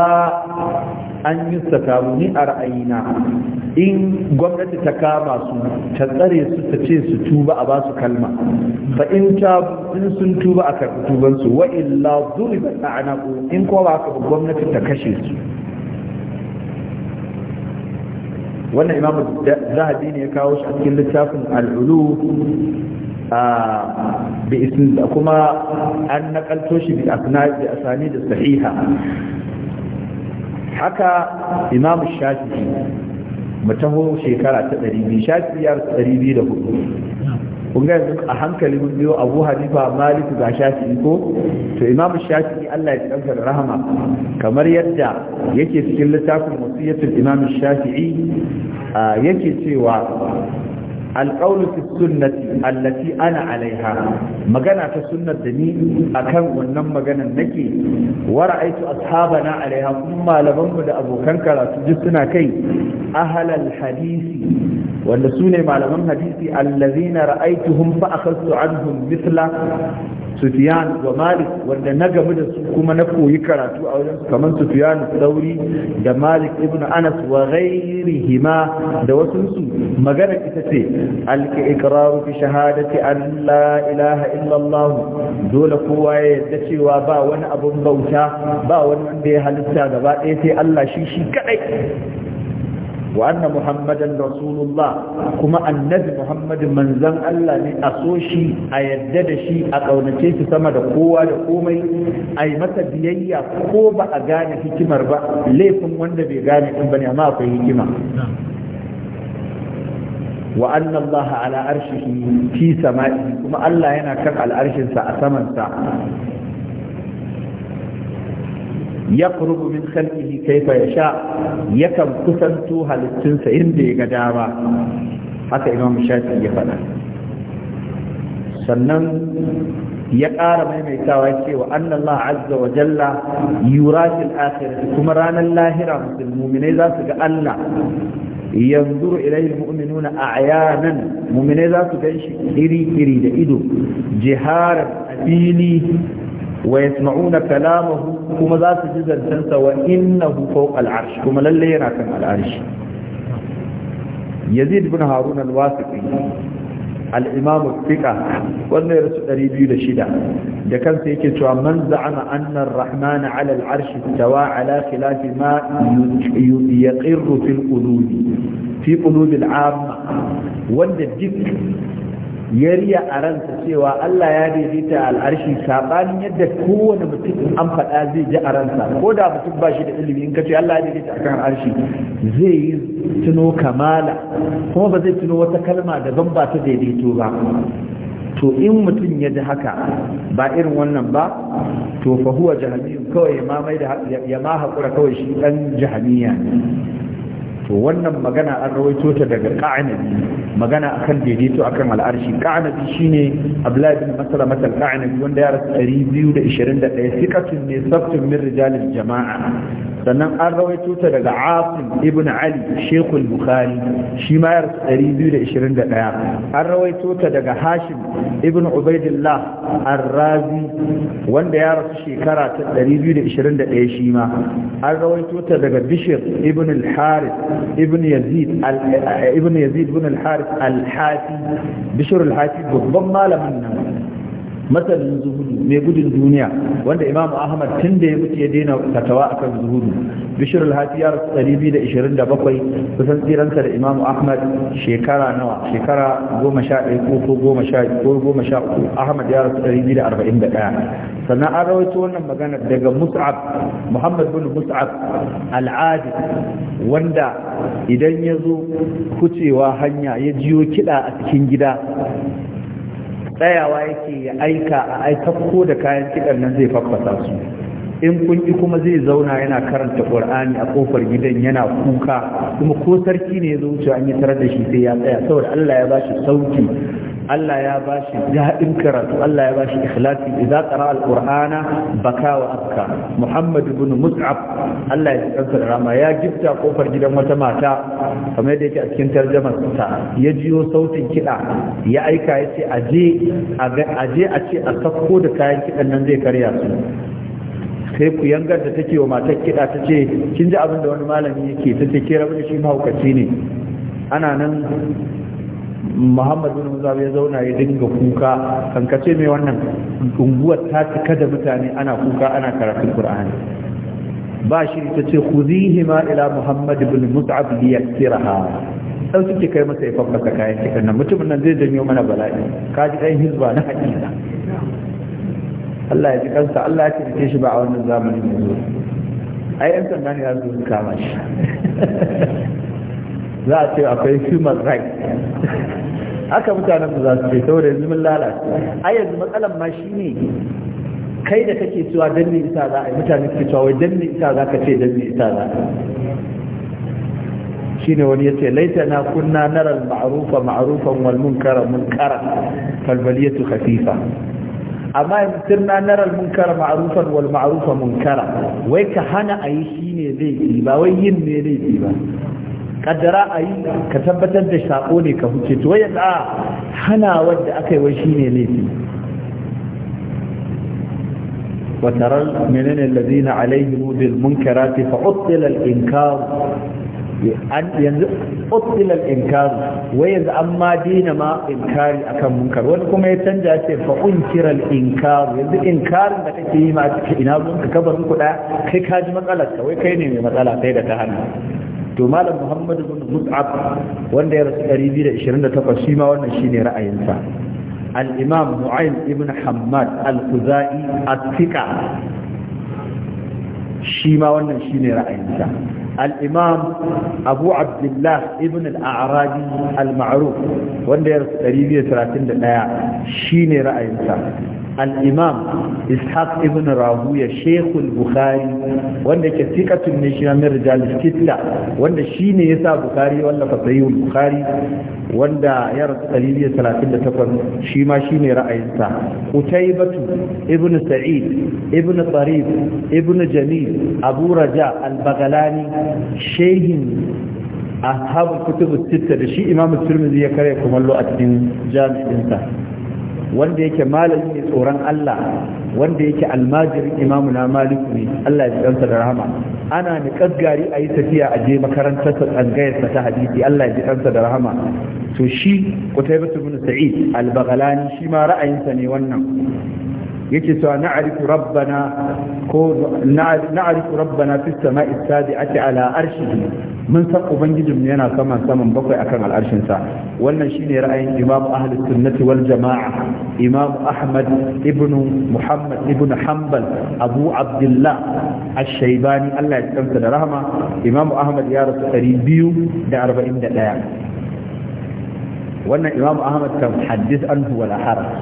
an yi sakamu ni a ra'ayina in gwamnati ta kama su ta tsare su ta ce su tuba a basu kalma fa in ta in sun tuba a karɓi tubansu wa illa duribat a'naqu in ko ba haka gwamnati ta kashe su wannan imam zahabi ne ya kawo shi a cikin littafin al'ulu bi kuma an nakalto shi bi asani da sahiha haka imam shafi'i mu shekara ta 200 shafi'i ya hudu, kun ga yanzu a hankali mun biyo abu hadifa maliku ga shafi'i ko to imam shafi'i Allah ya tsanka da rahama kamar yadda yake cikin littafin musiyatul imam shafi'i yake cewa alƙawlu fi sunnati allati ana alaiha magana ta sunnar da ni akan wannan maganan nake wa ra'aytu ashabana alaiha kuma malaman da abokan karatu duk suna kai ahlal hadisi wanda sune malaman hadisi allazina ra'aytuhum fa akhadtu anhum mithla Sufyan wa Malik wanda na gamu da su kuma na koyi karatu a wajen kamar Sufiyanu Sauri da Malik ibn Anas wa ghairihima da wasu su magana ita ce al-iqraru bi shahadati an la ilaha illa Allah dole kowa ya yarda cewa ba wani abun bauta ba wani wanda ya halitta gaba ɗaya sai Allah shi shi kadai wa anna muhammadan rasulullah kuma annabi Muhammadu manzan Allah ne a so a yadda da shi a ƙaunace shi sama da kowa da komai a yi masa biyayya ko ba a gane hikimar ba laifin wanda bai gane din bane amma akwai hikima wa anna Allah ala arshihi fi sama'i kuma Allah yana kan al'arshinsa a samansa yaqrubu min ya sha ya yakan kusanto halittunsa inda ya ga dama haka imam shafi ya faɗa sannan ya ƙara maimaitawa cewa annallah azza wa jalla yurafil akhirati kuma ranar lahira musulmuminai za su ga Allah yanzuru ilayhi mu'minuna a'yanan mu'minai zasu su gan shi iri iri da ido jiharan fili wa yasma'una kalamahu kuma za su ji zancensa wa innahu fawqa al'arsh kuma lalle yana kan al'arsh yazid bin haruna al-wasiqi al-imam al-fiqa wannan ya rasu 206 da kansa yake cewa manza za'ama anna ar-rahman 'ala al-arsh tawa 'ala khilafi ma yaqirru fil qulubi fi qulubi al wanda duk ya riya a ransa cewa Allah ya daidaita al'arshi sabanin yadda kowane mutum an faɗa zai ji a ransa ko da mutum ba shi da ilimi in ka ce Allah ya daidaita akan al'arshi zai yi tuno kamala kuma ba zai tuno wata kalma daban ba ta daidaito ba to in mutum ya ji haka ba irin wannan ba to fa huwa kawai ya ma mai haƙura kawai shi ɗan jahamiya to wannan magana an rawaito ta daga ka'anabi magana akan daidaito akan al'arshi ka'anabi shine abdullahi bin masara masal ka'anabi wanda ya rasu 221 sikatun ne sabtun min rijalil jama'a sannan an rawaito ta daga asim ibn ali shekul bukhari shi ma ya rasu 221 an rawaito ta daga hashim ibn ubaidillah arrazi wanda ya rasu shekara ta 221 shi ma an rawaito ta daga bishir ibn al-harith ابن يزيد ابن يزيد بن الحارث الحاتي بشر الحاتي بالضمه لمن نمت masanin zuhudu mai gudun duniya wanda imamu ahmad tun da ya mutu ya daina fatawa akan zuhudu bishir alhaji ya rasu 227 kusan tsiransa da imamu ahmad shekara nawa shekara 11 ko 10 ko 13 ahmad ya rasu 241 sannan an rawaito wannan magana daga mus'ab muhammad bin mus'ab al'adi wanda idan ya zo kucewa hanya ya jiyo kiɗa a cikin gida tsayawa yake ya aika a ko da kayan kiɗan nan zai faffasa su in kun ki kuma zai zauna yana karanta ƙur'ani a kofar gidan yana kuka kuma ko sarki ne ya zo wuce an yi tarar da shi sai ya tsaya saboda Allah ya ba shi sauki Allah ya bashi daɗin karatu Allah ya bashi ikhlasi idza qara alqur'ana baka wa Abka. Muhammad ibn Mus'ab Allah ya kansa da rama ya gifta kofar gidan wata mata kamar yadda yake a cikin tarjumar ta ya jiyo sautin kiɗa ya aika ya ce aje aje a ce a sakko da kayan kiɗan nan zai karya su sai ku yanga da take wa matar kiɗa ta ce kin ji abin da wani malami yake ta ce ke rabu da shi mahaukaci ne ana nan muhammad bin musa ya zauna ya dinga kuka kankace mai wannan unguwar ta cika da mutane ana kuka ana karatun qur'ani ba shi ta ce khuzihima ila muhammad bin mus'ab yaktiraha sau suke kai masa ya fafaka kayan cikin nan mutumin nan zai janyo mana bala'i ka ji ɗan hizba na haƙiƙa Allah ya ji kansa Allah ya taimake shi ba a wannan zamanin yanzu ai yan sanda ne za su kama shi za a ce akwai human rights haka mutanen su za su ce saboda yanzu mun lalace ai yanzu matsalan ma shi ne, kai da kake cewa dan ne isa za a yi mutane suke cewa wai dan ne isa za ka ce dan ne isa za ne wani yace laita na kunna nara al-ma'rufa ma'rufan wal munkara munkara fal baliyatu khafifa amma yanzu na nara al-munkara ma'arufan wal ma'rufa munkara wai ka hana a yi shi ne zai ba wai yin ne zai ba kaddara a yi ka tabbatar da sako ne ka huce to yanzu a hana wadda aka yi wai shine laifi وترى منين الذين عليهم بالمنكرات فعطل الإنكار yanzu utsila inkar wai yanzu an ma dina ma inkari akan munkar wani kuma ya canja ce fa unkira inkar yanzu inkarin da kake yi ma ina zuwa ka kabarin kuɗa kai ka ji matsalar ka wai kai ne mai matsala kai da ta hannu to malam muhammad bin mus'ab wanda ya rasu 228 shi ma wannan shine ra'ayinsa al-imam mu'ayyid ibn hammad al-khuzai at-thiqa shi ma wannan shine ra'ayinsa al-imam abu abdullah ibn al-a'rabi al-ma'ruf wanda ya rasu 231 shine ra'ayinsa al-imam ishaq ibn rahuya shekul bukhari wanda ke sikatun ne shi na rijal wanda shi ne ya sa bukhari wallafa sahihul bukhari wanda ya rasu talatin 38 shi ma shi ne ra'ayinsa qutaybatu ibn sa'id ibn tarif ibn jamil abu raja al-baghlani shehin ashabul Kutubu, sitta da shi Imam tirmidhi ya kare kumallo a cikin jami'insa wanda yake malami ne tsoron Allah wanda yake almajirin imamu na maliku ne Allah ya ɗansa da rahama ana ni kaggari a yi tafiya a je makarantar sa tsangayar sa ta hadisi Allah ya ɗansa da rahama to shi Qutaybah ibn Sa'id al-Baghlani shi ma ra'ayinsa ne wannan yake cewa na'arifu rabbana ko na'arifu rabbana fi samai sabi'ati ala arshihi mun san ubangijin yana saman saman bakwai akan al'arshinsa wannan shine ra'ayin imamu ahli sunnati wal jama'a imamu ahmad ibnu muhammad ibnu hanbal abu abdullah ash-shaybani Allah ya tsanta da rahama imamu ahmad ya rasu 241 wannan imamu ahmad kan hadis anhu wala haraj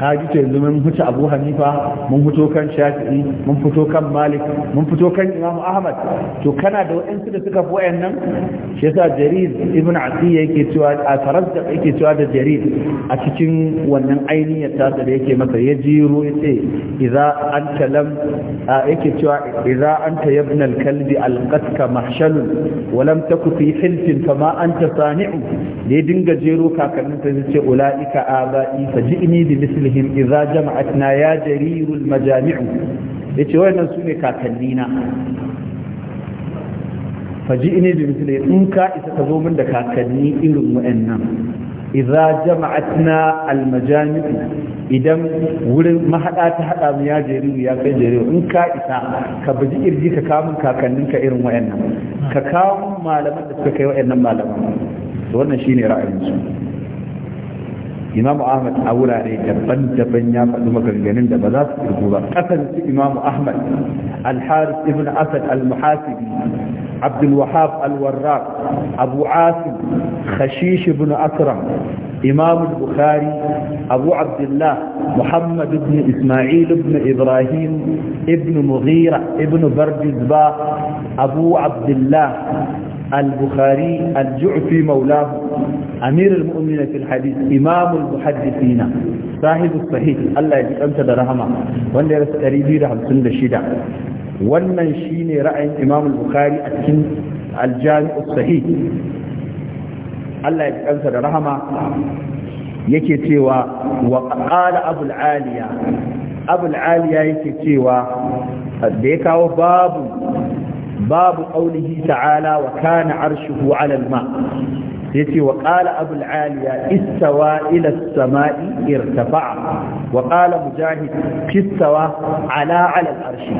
ka ji yanzu mun fito abu hanifa mun fito kan shafi'i mun fito kan malik mun fito kan imam ahmad to kana da waɗansu da suka fi wayannan shi yasa jarir ibn asiya yake cewa a tarazzaq yake cewa da jarir a cikin wannan ainihin tasa da yake masa ya jiro yace idza anta lam yake cewa idza anta yabna al-kalbi alqatka mahshalun wa lam taku fi hilfin fama anta sani'u da ya dinga jero kakannin ta ce ulaika aba'i jini bi misli Iza jama'at na ya jarirul majami'u yace wayannan ne kakannina faji'ni bi mithli in ka isa ka zo min da kakanni irin wayannan Iza jama'at na majami'u idan wurin mahada ta hada mu ya jariru ya kai jariru. in ka isa ka buji kirji ka kamun ka irin wayannan ka kawo malaman da suka kai wayannan malaman wannan shine ra'ayin su imamu ahmad a wurare daban-daban ya faɗi maganganun da ba za su أحمد ba kasance أسد ahmad ibn asad al-muhasibi عبد الوهاب الوراق أبو عاصم خشيش بن أكرم إمام البخاري أبو عبد الله محمد بن إسماعيل بن إبراهيم ابن مغيرة ابن بردزباء أبو عبد الله البخاري الجعفي مولاه أمير المؤمنين في الحديث إمام المحدثين صاحب الصحيح الله يجب أمسى درهما وأن يرسل ريدي wannan shine ra'ayin imam bukhari a cikin aljami'u sahih Allah ya kansa da rahama yake cewa wa qala abul aliya abul aliya yake cewa da ya kawo babu babu qaulihi ta'ala wa kana arshuhu ma yace wa qala abu al-aliya istawa ila as-sama'i irtafa'a wa mujahid istawa 'ala 'ala al-arshi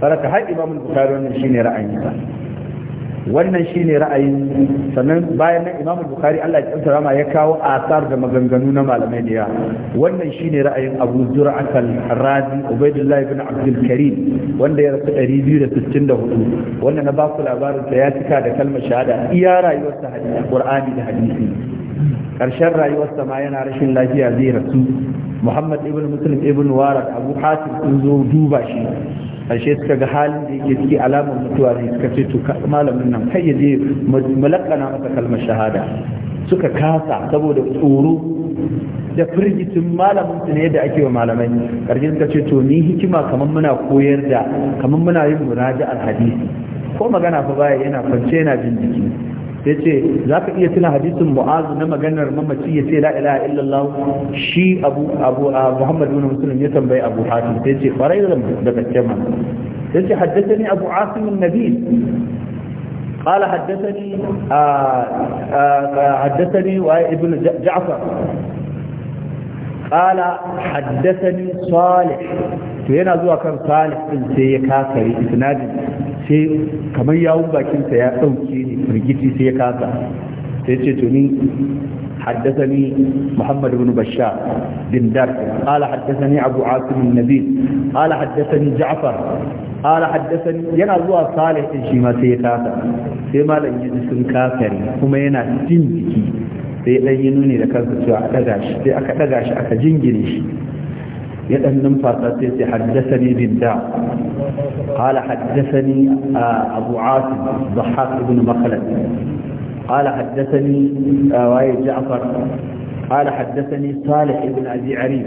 faraka har imam al-bukhari shine ra'ayinsa wannan shine ra'ayin sannan bayan nan imam bukhari Allah ya tsara ma ya kawo asar da maganganu na malamai ne wannan shine ra'ayin abu zur'at al-razi ubaidullah ibn abdul karim wanda ya rasu 264 wannan na ba ku labarin sa ya cika da kalmar shahada iya rayuwar sa hadisi qur'ani da hadisi karshen rayuwar sa ma yana rashin lafiya zai rasu muhammad ibn muslim ibn warad abu hatim sun zo duba shi ashe suka ga halin da yake ciki alamar mutuwa ne suka ce to malamin nan kai yaje mulakana masa kalmar shahada suka kasa saboda tsoro da firgitin malamin su ne da ake wa malamai karshe suka ce to ni hikima kamar muna koyar da kamar muna yin muraja hadisi ko magana fa baya yana kwance yana jin jiki ya ce za ka iya tuna hadisin mu'azu na maganar mamaci ya ce la ilaha illallah shi abu abu a muhammad bin muslim ya tambayi abu hatim sai ce farai da da gaske ma ya ce haddathani abu asim an-nabi قال حدثني حدثني ابن جعفر قال حدثني صالح to yana zuwa kan salih din sai ya kakari isnadin sai kamar yawun bakinsa ya ɗauke ni rigiti sai ya kasa sai ce to ni حدثني محمد بن بشار بن درك قال حدثني أبو عاصم النبي قال حدثني جعفر قال حدثني ينا زوا صالح شي ما sai kasa sai malam sun kafari kuma yana jin jiki sai dan yi nuni da kansa cewa a daga shi sai aka daga shi aka jingine shi يدن نمفاتا حدثني بالداع قال حدثني آه، أبو عاصم ضحاك بن مخلد قال حدثني آه، واي جعفر قال حدثني صالح بن أبي عريف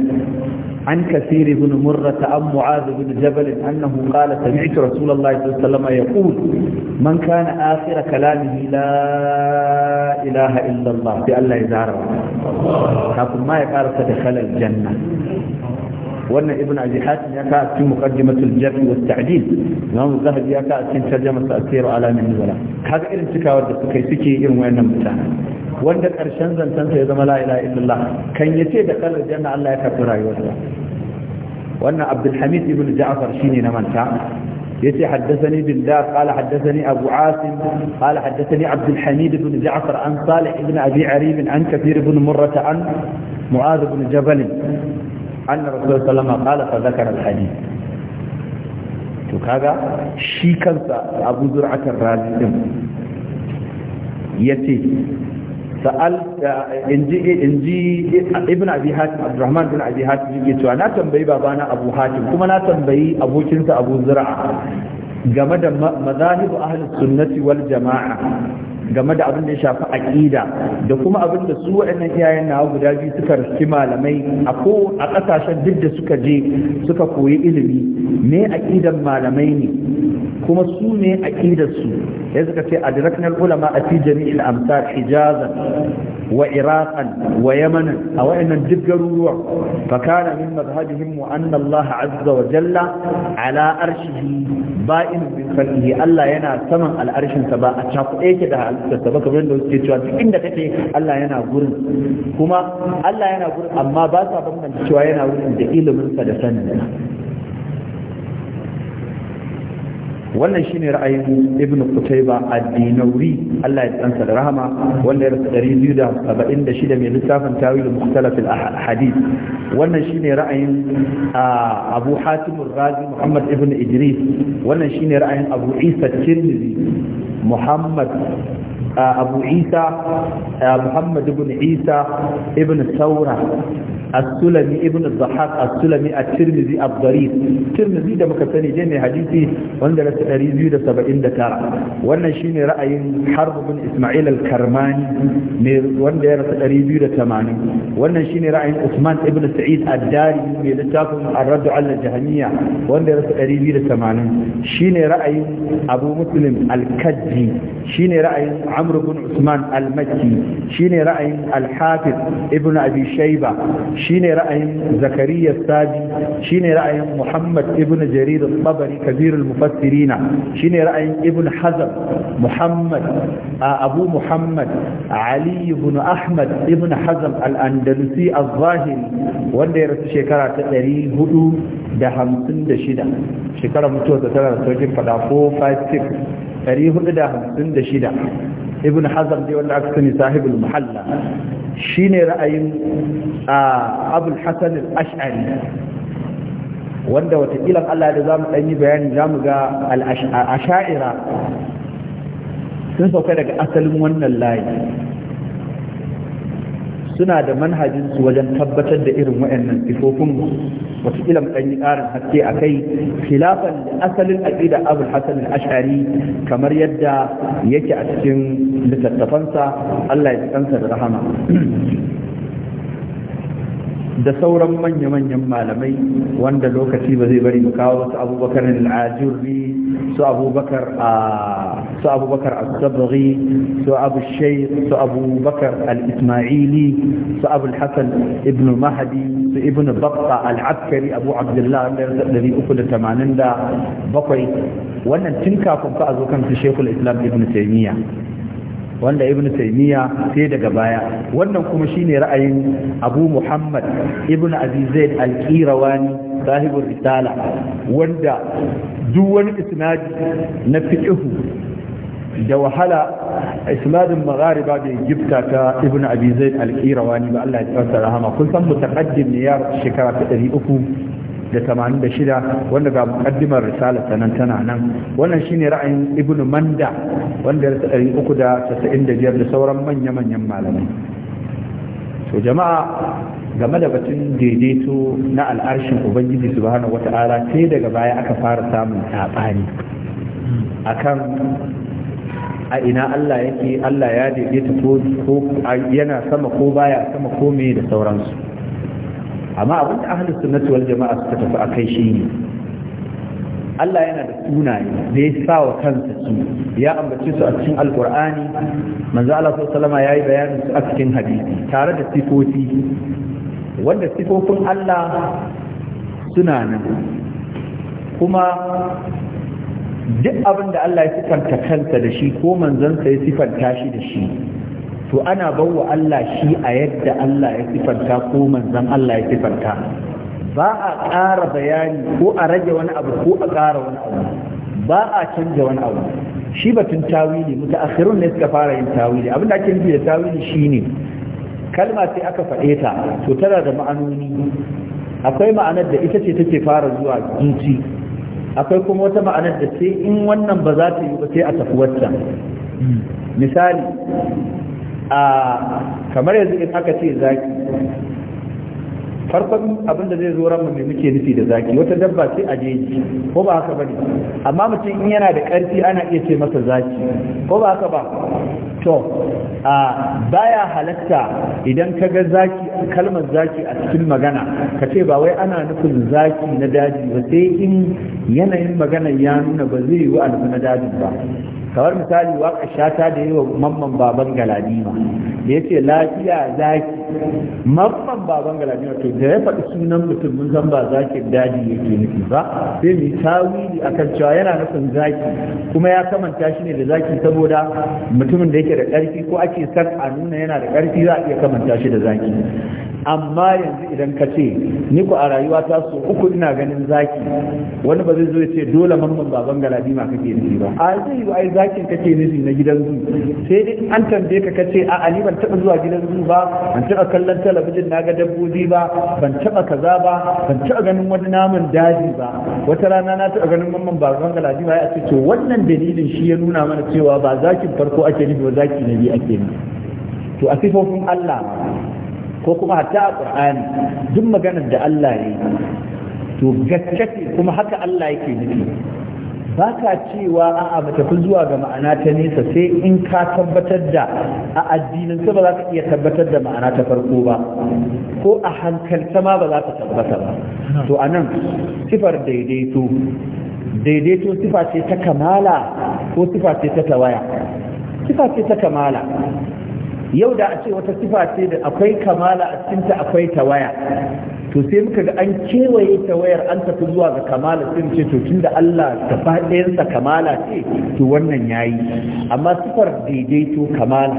عن كثير بن مرة أم معاذ بن جبل أنه قال سمعت رسول الله صلى الله عليه وسلم يقول من كان آخر كلامه لا إله إلا الله بأن لا يزعر ما يقال فدخل الجنة wannan ibn abi hatim ya ka cikin muqaddimatul jarh wa ta'dil imam zahabi ya ka cikin tarjama ta'sir alamin nubala kaga irin cikawar da suka yi suke irin wayannan mutane wanda karshen sa ya zama la ilaha illallah kan yace da kallar janna Allah ya karbi rayuwarsa wannan abdul hamid ibn ja'far shine na manta يتي حدثني بالله قال حدثني أبو عاصم قال حدثني عبد الحميد بن جعفر عن صالح بن أبي عريب عن كثير بن مرة عن معاذ بن جبل anna rasulullah sallama qala fa zakara alhadith to kaga shi kansa abu zur'atar razi din yace sa'al inji inji ibn abi hatim abdurrahman bin abi hatim yake cewa na tambayi babana abu hatim kuma na tambayi abokinsa abu zur'a game da mazahibu ahlus sunnati wal jama'a game da abin da ya shafi aƙida da kuma abin da su waɗannan iyayen na guda biyu suka riski malamai a ko a ƙasashen duk da suka je suka koyi ilimi me aƙidan malamai ne kuma su ne aƙidar su ya suka ce ulama a fi il amsar hijazan wa iraqan wa a waɗannan duk garuruwa fa kana min mazhabihim wa anna Allah azza wa jalla ala arshihi ba'in min khalqihi Allah yana saman al'arshin sa ba a cakuɗe yake da halittarsa kamar yadda suke cewa duk inda kake Allah yana gurin kuma Allah yana gurin amma ba sa bambanta cewa yana gurin da iliminsa da sanin wannan shine ra'ayin ibn Qutayba ad-Dinawi Allah ya tsansa da rahama wanda ya rasu shida mai littafin tawil mukhtalaf al-hadith wannan shine ra'ayin Abu Hatim ar-Razi Muhammad ibn Idris wannan shine ra'ayin Abu Isa Tirmidhi Muhammad abu isa muhammad ibn isa ibn saura as-sulami ibn zahaq as-sulami at-tirmidhi ad-daris tirmidhi da muka sani dai mai hadisi wanda da saba'in da tara wannan shine ra'ayin harb ibn isma'il al-karmani ne wanda ya rasa tamanin wannan shine ra'ayin usman ibn sa'id ad-dari mai littafin ar-radd 'ala al-jahmiyya wanda ya rasa 280 shine ra'ayin abu muslim al-kajji shine ra'ayin amr ibn usman al-makki shine ra'ayin al-hafiz ibn abi shayba shine ra'ayin zakariya sadi shine ra'ayin muhammad ibn jarir al-tabari kabir al-mufassirin shine ra'ayin ibn hazm muhammad abu muhammad ali ibn ahmad ibn hazm al-andalusi al-zahiri wanda ya rasu shekara ta 456 shekara mutuwarsa tana da saukin fada 456 shida. ibn hazar dai wanda aka sani sahibul muhalla shine ra'ayin abul hasan al-ash'ari wanda watakila Allah da zamu dan yi bayani zamu ga al-ash'ira sun sauka daga asalin wannan layi suna da manhajinsu wajen tabbatar da irin wa'annan sifofin wataƙila mu ɗanyi ƙarin haske a kai khilafan da asalin aƙida abul hasan ashari kamar yadda yake a cikin littattafansa Allah ya ji kansa da rahama da sauran manya-manyan malamai wanda lokaci ba zai bari mu kawo su abubakar al-ajurri su abubakar a su abubakar al-sabri su abu shay su abubakar al-isma'ili su abu al-hasan ibn mahdi su ibn babba al-abkari abu abdullah dari uku da tamanin da bakwai wannan tun kafin fa a zo kan su shekul islam ibn taymiya wanda ibn taymiya sai daga baya wannan kuma shine ra'ayin abu muhammad ibn azizaid al-qirawani sahibul risala wanda duk wani isnadi na fiqh da wahala isnadin maghariba da gifta ta ibn abi zaid al-qirawani ba Allah ya tsara rahama kun san mutaqaddim ne ya shekara ta 300 da tamanin da shida wanda ga mukaddimar risala sanan tana nan wannan shine ra'ayin ibnu manda wanda ya rasa uku da casa'in da biyar da sauran manya-manyan malamai to jama'a game da batun daidaito na al'arshin ubangiji subhanahu wata'ala sai daga baya aka fara samun saɓani akan a ina Allah yake Allah ya daidaita ko yana sama ko baya sama ko me da sauransu amma abin da ahlus sunnati wal jama'a suka tafi shi ne Allah yana da sunaye da ya sa wa kansa su ya ambace su a cikin alkur'ani manzo Allah sallallahu yayi bayanin su a cikin hadisi tare da sifofi wanda sifofin Allah suna nan kuma duk abin da Allah ya sifanta kansa da shi ko manzansa ya sifanta shi da shi to ana wa Allah shi a yadda Allah ya sifanta ko manzon Allah ya sifanta ba a ƙara bayani ko a rage wani abu ko a ƙara wani abu ba a canja wani abu shi batun tawili mutaakhirun ne suka fara yin tawili abinda ake nufi da tawili shine kalma sai aka faɗe ta to tana da ma'anoni akwai ma'anar da ita ce take fara zuwa zuci akwai kuma wata ma'anar da sai in wannan ba za ta yi ba sai a tafi waccan misali a kamar yanzu in aka ce zaki farkon abinda zai zo ranmu mai muke nufi da zaki wata dabba ce a jeji ko ba haka bane amma mutum in yana da ƙarfi ana iya ce masa zaki ko ba haka ba to a baya halatta idan ka ga zaki kalmar zaki a cikin magana ka ce ba wai ana nufin zaki na daji ba sai in yanayin magana ya nuna ba zai yi wa na daji ba kamar misali waka shata da yi wa mamman baban galadima da ya ce lafiya zaki mamman baban galadima to da ya faɗi sunan mutum mun san ba zakin daji yake nufi ba sai mai tawili kan cewa yana nufin zaki kuma ya kamanta shi ne da zaki saboda mutumin da yake da ƙarfi ko ake san a nuna yana da ƙarfi za a iya kamanta shi da zaki amma yanzu idan ka ce ni ku a rayuwa ta so uku ina ganin zaki wani ba zai zo ya ce dole mamman baban galadima kake nufi ba a zai yi ai zaki ɗakin kake nufi na gidan zu sai dai an tambaye ka kace a ali ban taɓa zuwa gidan zu ba ban taɓa kallon talabijin na ga dabbobi ba ban taɓa kaza ba ban taɓa ganin wani naman daji ba wata rana na taɓa ganin mamman ba gangalaji ba ya ce to wannan dalilin shi ya nuna mana cewa ba zakin farko ake nufi ba zaki na biyu ake nufi to a sifofin Allah ko kuma hatta a Qur'ani duk maganar da Allah ya yi to gaske kuma haka Allah yake nufi ba ka cewa a'a ba tafi zuwa ga ma'ana ta nesa sai in ka tabbatar da a addinin ba za ka iya tabbatar da ma'ana ta farko ba ko a hankalta ma ba za ka tabbata ba to a nan sifar daidaito daidaito sifa ce ta kamala ko sifa ce ta tawaya sifa ce ta kamala yau da a ce wata sifa ce da akwai kamala a cikinta akwai tawaya to sai muka ga an kewaye ta wayar an tafi zuwa ga kamala sai mu ce to tunda Allah gaba ɗayansa kamala ce to wannan yayi amma sifar daidaito kamala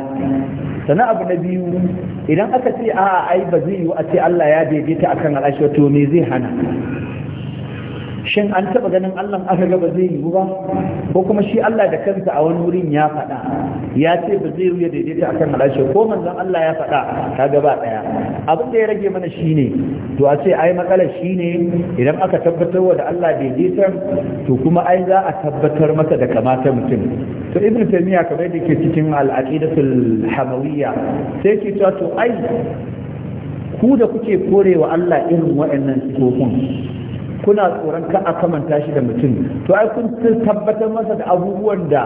sana abu na biyu idan aka ce a'a ai ba zai yi a ce Allah ya daidaita akan al'ashi to me zai hana shin an taɓa ganin Allah aka ga zai yiwu ba ko kuma shi Allah da kansa a wani wurin ya faɗa ya ce ba zai yiwu daidaita daidaita akan halashi ko manzon Allah ya faɗa ta gaba ɗaya abin da ya rage mana shine to a ce ai matsalar shine idan aka tabbatar wa da Allah daidaita, to kuma ai za a tabbatar masa da kamata mutum to ibn taymiya kamar da ke cikin al-aqidatul hamawiyya sai ke cewa to ai ku da kuke korewa Allah irin waɗannan sifofin kuna tsoron ka a kamanta shi da mutum to ai kun tabbatar masa da abubuwan da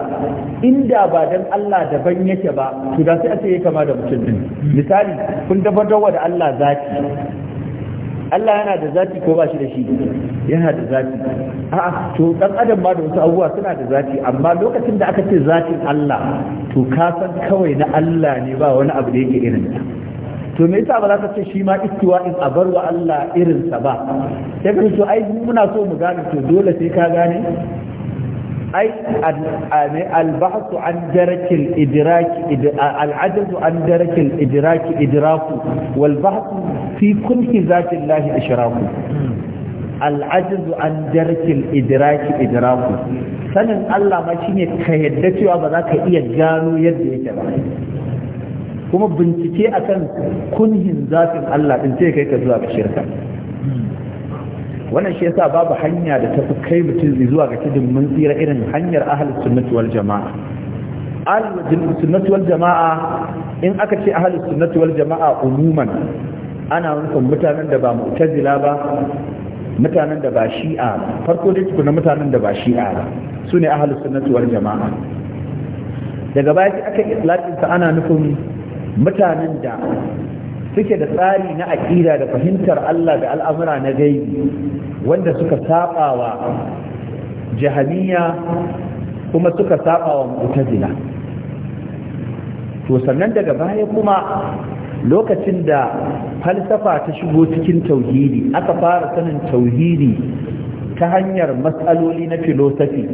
inda ba dan Allah daban yake ba to da sai a ce kama da mutum din misali kun tabbatar wa da Allah zaki Allah yana da zaki ko ba shi da shi yana da zaki? a'a to dan adam ma da wasu abubuwa suna da zaki, amma lokacin da aka ce zatin Allah to ka san kawai na Allah ne ba wani abu da yake irin ta to me yasa ba za ka ce shi ma istiwa in a bar wa Allah irinsa ba sai ka to ai muna so mu gane to dole sai ka gane ai al-bahth an darak al-idrak al-adad an darak al-idrak idrak wal bahth fi kulli zati Allah ishrak al-ajz an darak al-idrak idrak sanin Allah ma shine ka yadda cewa ba za ka iya gano yadda yake ba kuma bincike akan kunhin zafin Allah din ce kai ka zuwa ga shirka wannan shi yasa babu hanya da ta fi kai mutum zuwa ga tudun mun tsira irin hanyar ahlus sunnati wal jamaa ahlus sunnati wal jamaa in aka ce ahlus sunnati wal jamaa umuman ana nufin mutanen da ba mu'tazila ba mutanen da ba shi'a farko dai tukuna mutanen da ba shi'a ba sune ne ahalus sunnati wal jama'a daga baya sai aka itlaqin ta ana nufin mutanen da suke da tsari na aƙida da fahimtar Allah da al'amura na gai wanda suka saba wa jahamiya kuma suka saba wa mu'tazila to sannan daga baya kuma lokacin da falsafa ta shigo cikin tauhidi aka fara sanin tauhidi ta hanyar matsaloli na filosofi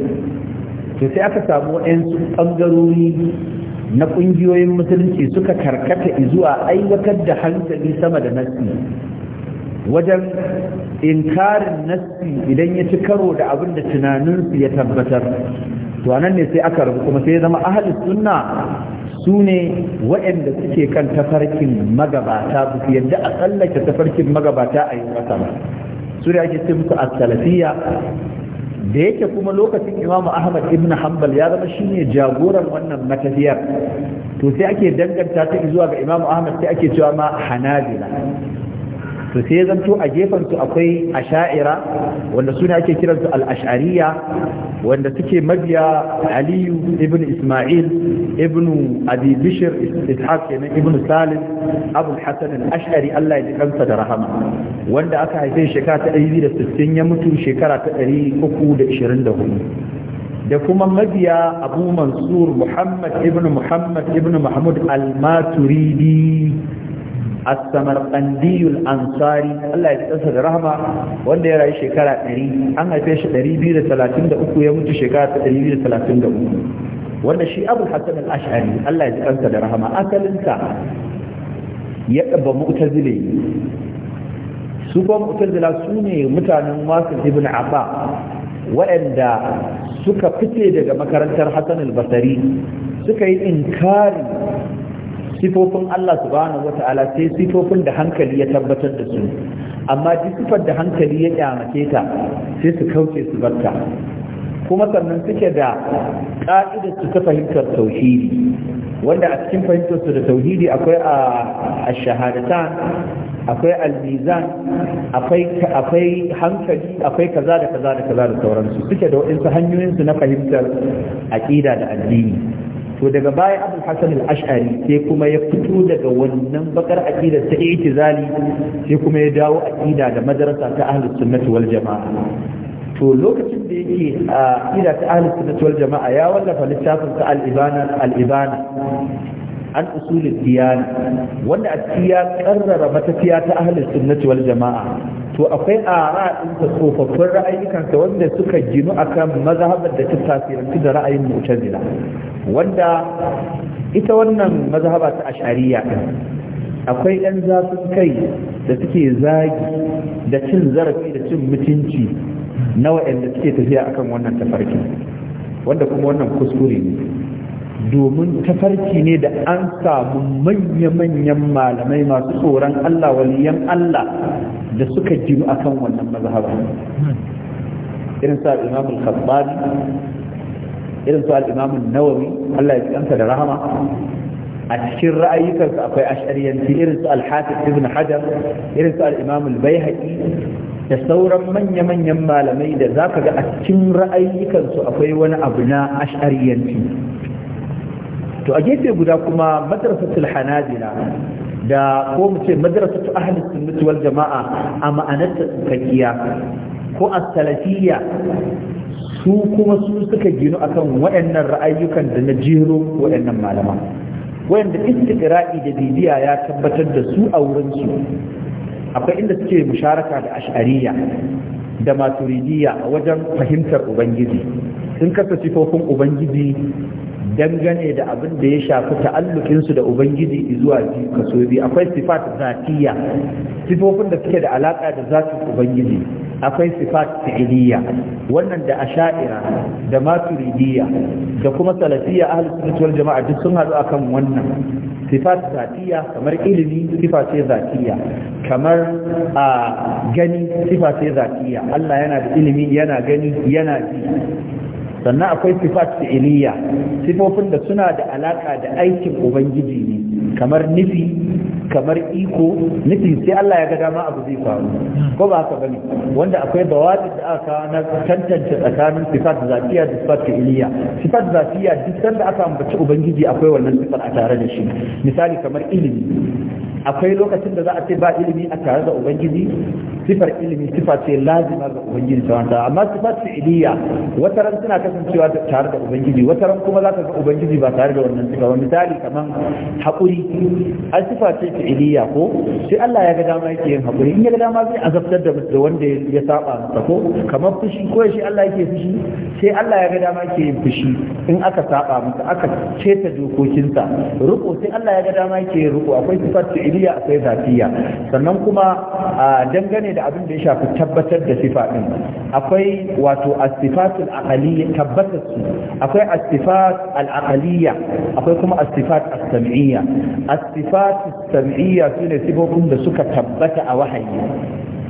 to sai aka samu 'yan ɓangarori na ƙungiyoyin musulunci suka karkata zuwa aiwatar da hankali sama da nassi wajen inkarin nassi idan ya ci karo da abin da tunaninsu ya tabbatar to anan ne sai aka rabu kuma sai ya zama ahalin sunna su ne waɗanda suke kan tafarkin magabata ba su yadda a tsallake tafarkin magabata a yi ƙasa su da ake ce musu da yake kuma lokacin imam ahmad ibn hanbal ya zama shine jagoran wannan matafiyar to sai ake danganta ta zuwa ga imam ahmad sai ake cewa ma hanabila to sai zanto a gefen su akwai asha'ira wanda suna ake kiransu al-ash'ariya wanda suke mabiya aliyu ibn isma'il ibn abi bishr ishaq kenan ibn salim abul hasan al-ash'ari Allah ya ji kansa da rahama wanda aka haife shekara ta 160 ya mutu shekara ta 324 da kuma mabiya abu mansur muhammad ibn muhammad ibn mahmud al-maturidi as-samarqandiyul ansari Allah ya tsasa da rahama wanda ya rayu shekara 100 an haife shi 233 ya mutu shekara 233 wanda shi Abu Hassan al-Ash'ari Allah ya tsasa da rahama asalinsa ya daba mu'tazile su ba mu'tazila su ne mutanen masu ibn Abba waɗanda suka fice daga makarantar Hassan al-Basri suka yi inkari sifofin Allah subhanahu wata'ala sai sifofin da hankali ya tabbatar da su amma duk sifar da hankali ya kyamace ta sai su kauce su barta kuma sannan suke da ka'idar su ta fahimtar tauhidi wanda a cikin fahimtar su da tauhidi akwai a shahadatan akwai almizan akwai akwai hankali akwai kaza da kaza da kaza da sauransu suke da waɗansu hanyoyin su na fahimtar aqida da addini to daga baya abul hasan al-ash'ari sai kuma ya fito daga wannan bakar aqida ta i'tizali sai kuma ya dawo aqida da madrasa ta ahlus sunnah wal jama'a to lokacin da yake a aqida ta ahlus sunnah wal jama'a ya wallafa littafin sa al-ibana al-ibana an usulin diyana wanda a ciki ya karrara matafiya ta ahlus sunnati wal jama'a to akwai a'a'a din ta tsofaffin ra'ayikan ta wanda suka ginu akan mazhabar da ta tasirantu da ra'ayin mu'tazila wanda ita wannan mazhaba ta ashariya akwai yan zafin kai da suke zagi da cin zarafi da cin mutunci na wa'anda suke tafiya akan wannan tafarki wanda kuma wannan kuskure ne domin tafarki ne da an samu manya-manyan malamai masu tsoron Allah waliyan Allah da suka jiru kan wannan mazhaba irin sa al-Imam khattabi irin sa al Nawami, nawawi Allah ya tsanta da rahama a cikin ra'ayikansa akwai ash'ariyanci irin su al-Hafiz ibn Hajar irin su al-Imam baihaqi da sauran manya-manyan malamai da zaka ga a cikin ra'ayikansu akwai wani abu na ash'ariyanci to a gefe guda kuma madrasatul hanabila da ko mu ce madrasatu ahli sunnati wal jama'a a ma'anar tsakiya ko as-salafiyya su kuma su suka gino akan waɗannan ra'ayyukan da na jero waɗannan malama wanda istiqra'i da bibiya ya tabbatar da su a wurin su akwai inda suke musharaka da ash'ariyya da maturidiyya wajen fahimtar ubangiji sun kasa sifofin ubangiji dangane da abin da ya shafi ta'allukinsu da ubangiji zuwa kaso biyu akwai sifat zatiya sifofin da suke da alaka da zatin ubangiji akwai sifat fi'iliya wannan da asha'ira da maturidiyya da kuma salafiyya ahlus sunnah wal jama'a duk sun hadu akan wannan sifat zatiya kamar ilimi sifat ce zatiya kamar a gani sifat ce zatiya Allah yana da ilimi yana gani yana ji sannan akwai sifat fi'iliya sifofin da suna da alaka da aikin ubangiji ne kamar nufi kamar iko nufi sai Allah ya ga dama abu zai faru ko ba haka bane wanda akwai bawadi da aka na tantance tsakanin sifat zatiya da sifat fi'iliya sifat zatiya duk sanda aka ambaci ubangiji akwai wannan sifat a tare da shi misali kamar ilimi akwai lokacin da za a ce ba ilimi a tare da ubangiji sifar ilimi sifar ce lazima ga ubangiji ta amma sifat fi'iliya wata ran suna kasancewa tare da ubangiji wata ran kuma za ka ga ubangiji ba tare da wannan sifa misali kamar haƙuri a sifa ce iliya ko sai Allah ya ga dama yake yin haƙuri in ya ga dama zai azabtar da wanda ya saba masa ko kamar fushi ko shi Allah yake fushi sai Allah ya ga dama yake yin fushi in aka saba masa aka ceta dokokinsa ruko sai Allah ya ga dama yake yin ruko akwai sifar iliya akwai zafiya sannan kuma dangane da abin da ya shafi tabbatar da sifa din akwai wato asifatul aqaliyyah tabbatar su akwai asifat al'aqaliyya akwai kuma asifat as-sam'iyya asifat as-sam'iyya sune sifofin da suka tabbata a wahayi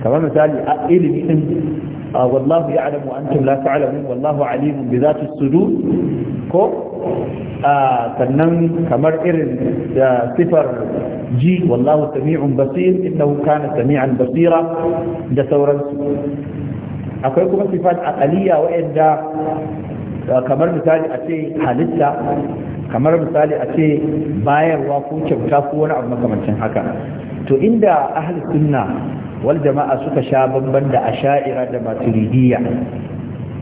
kamar misali ilimi din والله يعلم وأنتم لا تعلمون والله عليم بذات الصدور ko sannan kamar irin da sifar ji wallahu sami'un basir innahu kana sami'an basira da sauransu akwai kuma sifat aqaliya wa'anda uh, kamar misali a ce halitta kamar misali a ce bayarwa ko kyauta ko wani abu makamancin haka to inda ahli sunna wal jama'a suka sha bamban da asha'ira da maturidiyya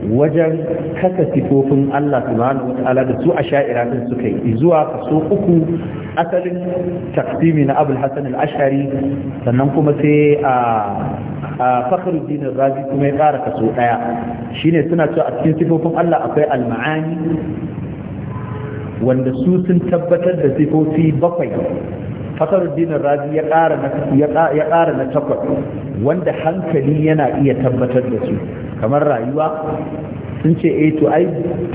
wajen kasa sifofin Allah subhanahu wata'ala da su asha'ira din suka yi zuwa kaso uku asalin taksimi na abul hasan al-ash'ari sannan kuma sai a uh, a fakhruddin razi kuma ya ƙara kaso ɗaya shine suna cewa a cikin sifofin Allah akwai alma'ani wanda su sun tabbatar da sifofi bakwai fakhruddin razi ya ƙara na ya na takwas wanda hankali yana iya tabbatar da su kamar rayuwa sun ce eh to ai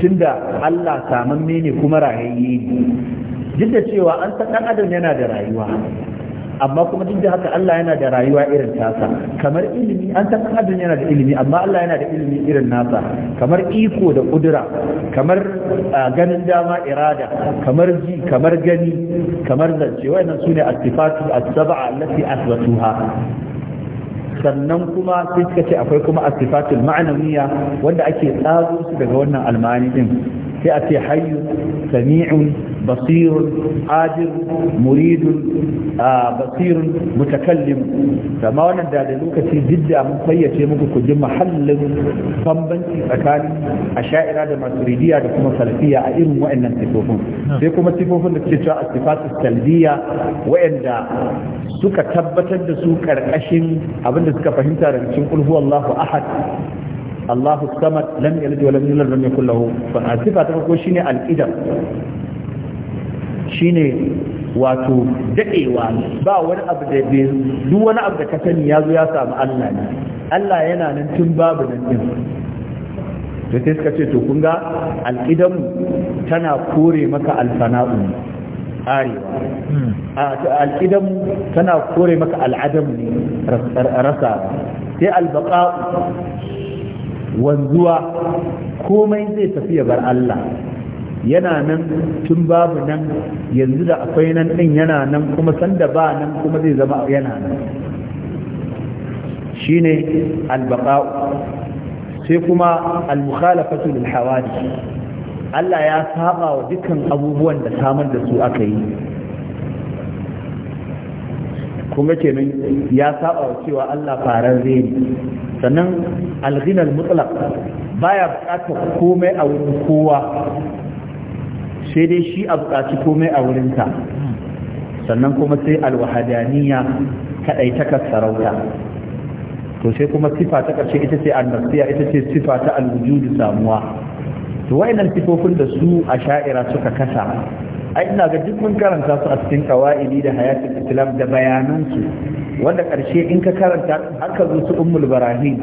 tunda Allah samamme ne kuma rayayye ne duk da cewa an san adam yana da rayuwa amma kuma duk da haka Allah yana da rayuwa irin tasa kamar ilimi an san adam yana da ilimi amma Allah yana da ilimi irin nasa kamar iko da kudura kamar ganin dama irada kamar ji kamar gani kamar zance wayannan sune asifatu as-sab'a allati asbatuha sannan kuma sai suka ce akwai kuma asifatun sifatul wanda ake tsaro daga wannan almani din sai a ce hayyu sami'un basirun ajir muridun basirun mutakallim amma wannan da da lokaci jidda mun fayyace muku ku ji mahallin bambanci tsakanin asha'ira da maturidiya da kuma salafiya a irin wa'annan sifofin sai kuma sifofin da ke cewa asifatu salbiya wa'anda suka tabbatar da su karkashin abinda suka fahimta daga cikin kulhu Allahu ahad Allahu samad lam yalid wa lam shine al shine wato dadewa ba wani abu da bai duk wani abu da ka ya zo ya samu Allah Allah yana nan tun babu nan din to sai suka ce to kun ga tana kore maka al-fana'u arewa hmm. al'idamu tana kore maka al'adamu ne rasa sai albaka wanzuwa komai zai tafi ya bar Allah yana nan tun babu nan yanzu da akwai nan ɗin yana nan kuma sanda ba nan kuma zai zama yana nan shine albaqa'u sai kuma al-mukhalafatu lil Allah ya saba wa dukkan abubuwan da samar da su aka yi Kuma ga kenan ya saba cewa Allah faran zai sannan alghinal mutlaq baya buƙatar komai a wurin kowa sai dai shi a buƙaci komai a wurin wurinta sannan kuma sai alwahadaniya kaɗaitakar sarauta to sai kuma sifa ta ƙarshe ita ce annasiya ita ce sifa ta alwujudu samuwa to wa'annan sifofin da su a sha'ira suka kasa ai ina ga duk mun karanta su a cikin qawaidi da hayatul islam da bayanan su wanda karshe in ka karanta haka zo su ummul barahim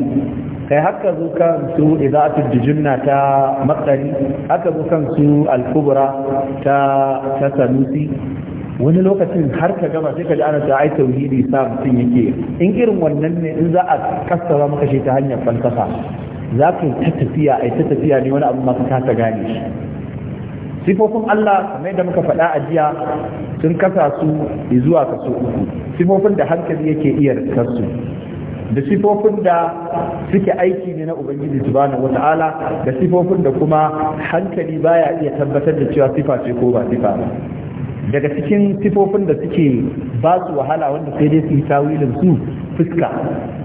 kai haka zo kan su idaatul ta matsari haka zo kan su al-kubra ta ta sanusi wani lokacin har ka gama sai ka ji ana ta ai tauhidi sa mutum yake in irin wannan ne in za a kassara maka shi ta hanyar falsafa za ka ta tafiya ai ta tafiya ne wani abu ma ka ta gane shi sifofin Allah kamar yadda muka faɗa a jiya sun kasa su zuwa kaso uku sifofin da hankali yake iya kasu da sifofin da suke aiki ne na ubangiji subhanahu wata'ala da sifofin da kuma hankali baya iya tabbatar da cewa sifa ce ko ba sifa daga cikin sifofin da suke ba su wahala wanda sai dai su yi tawilin su fuska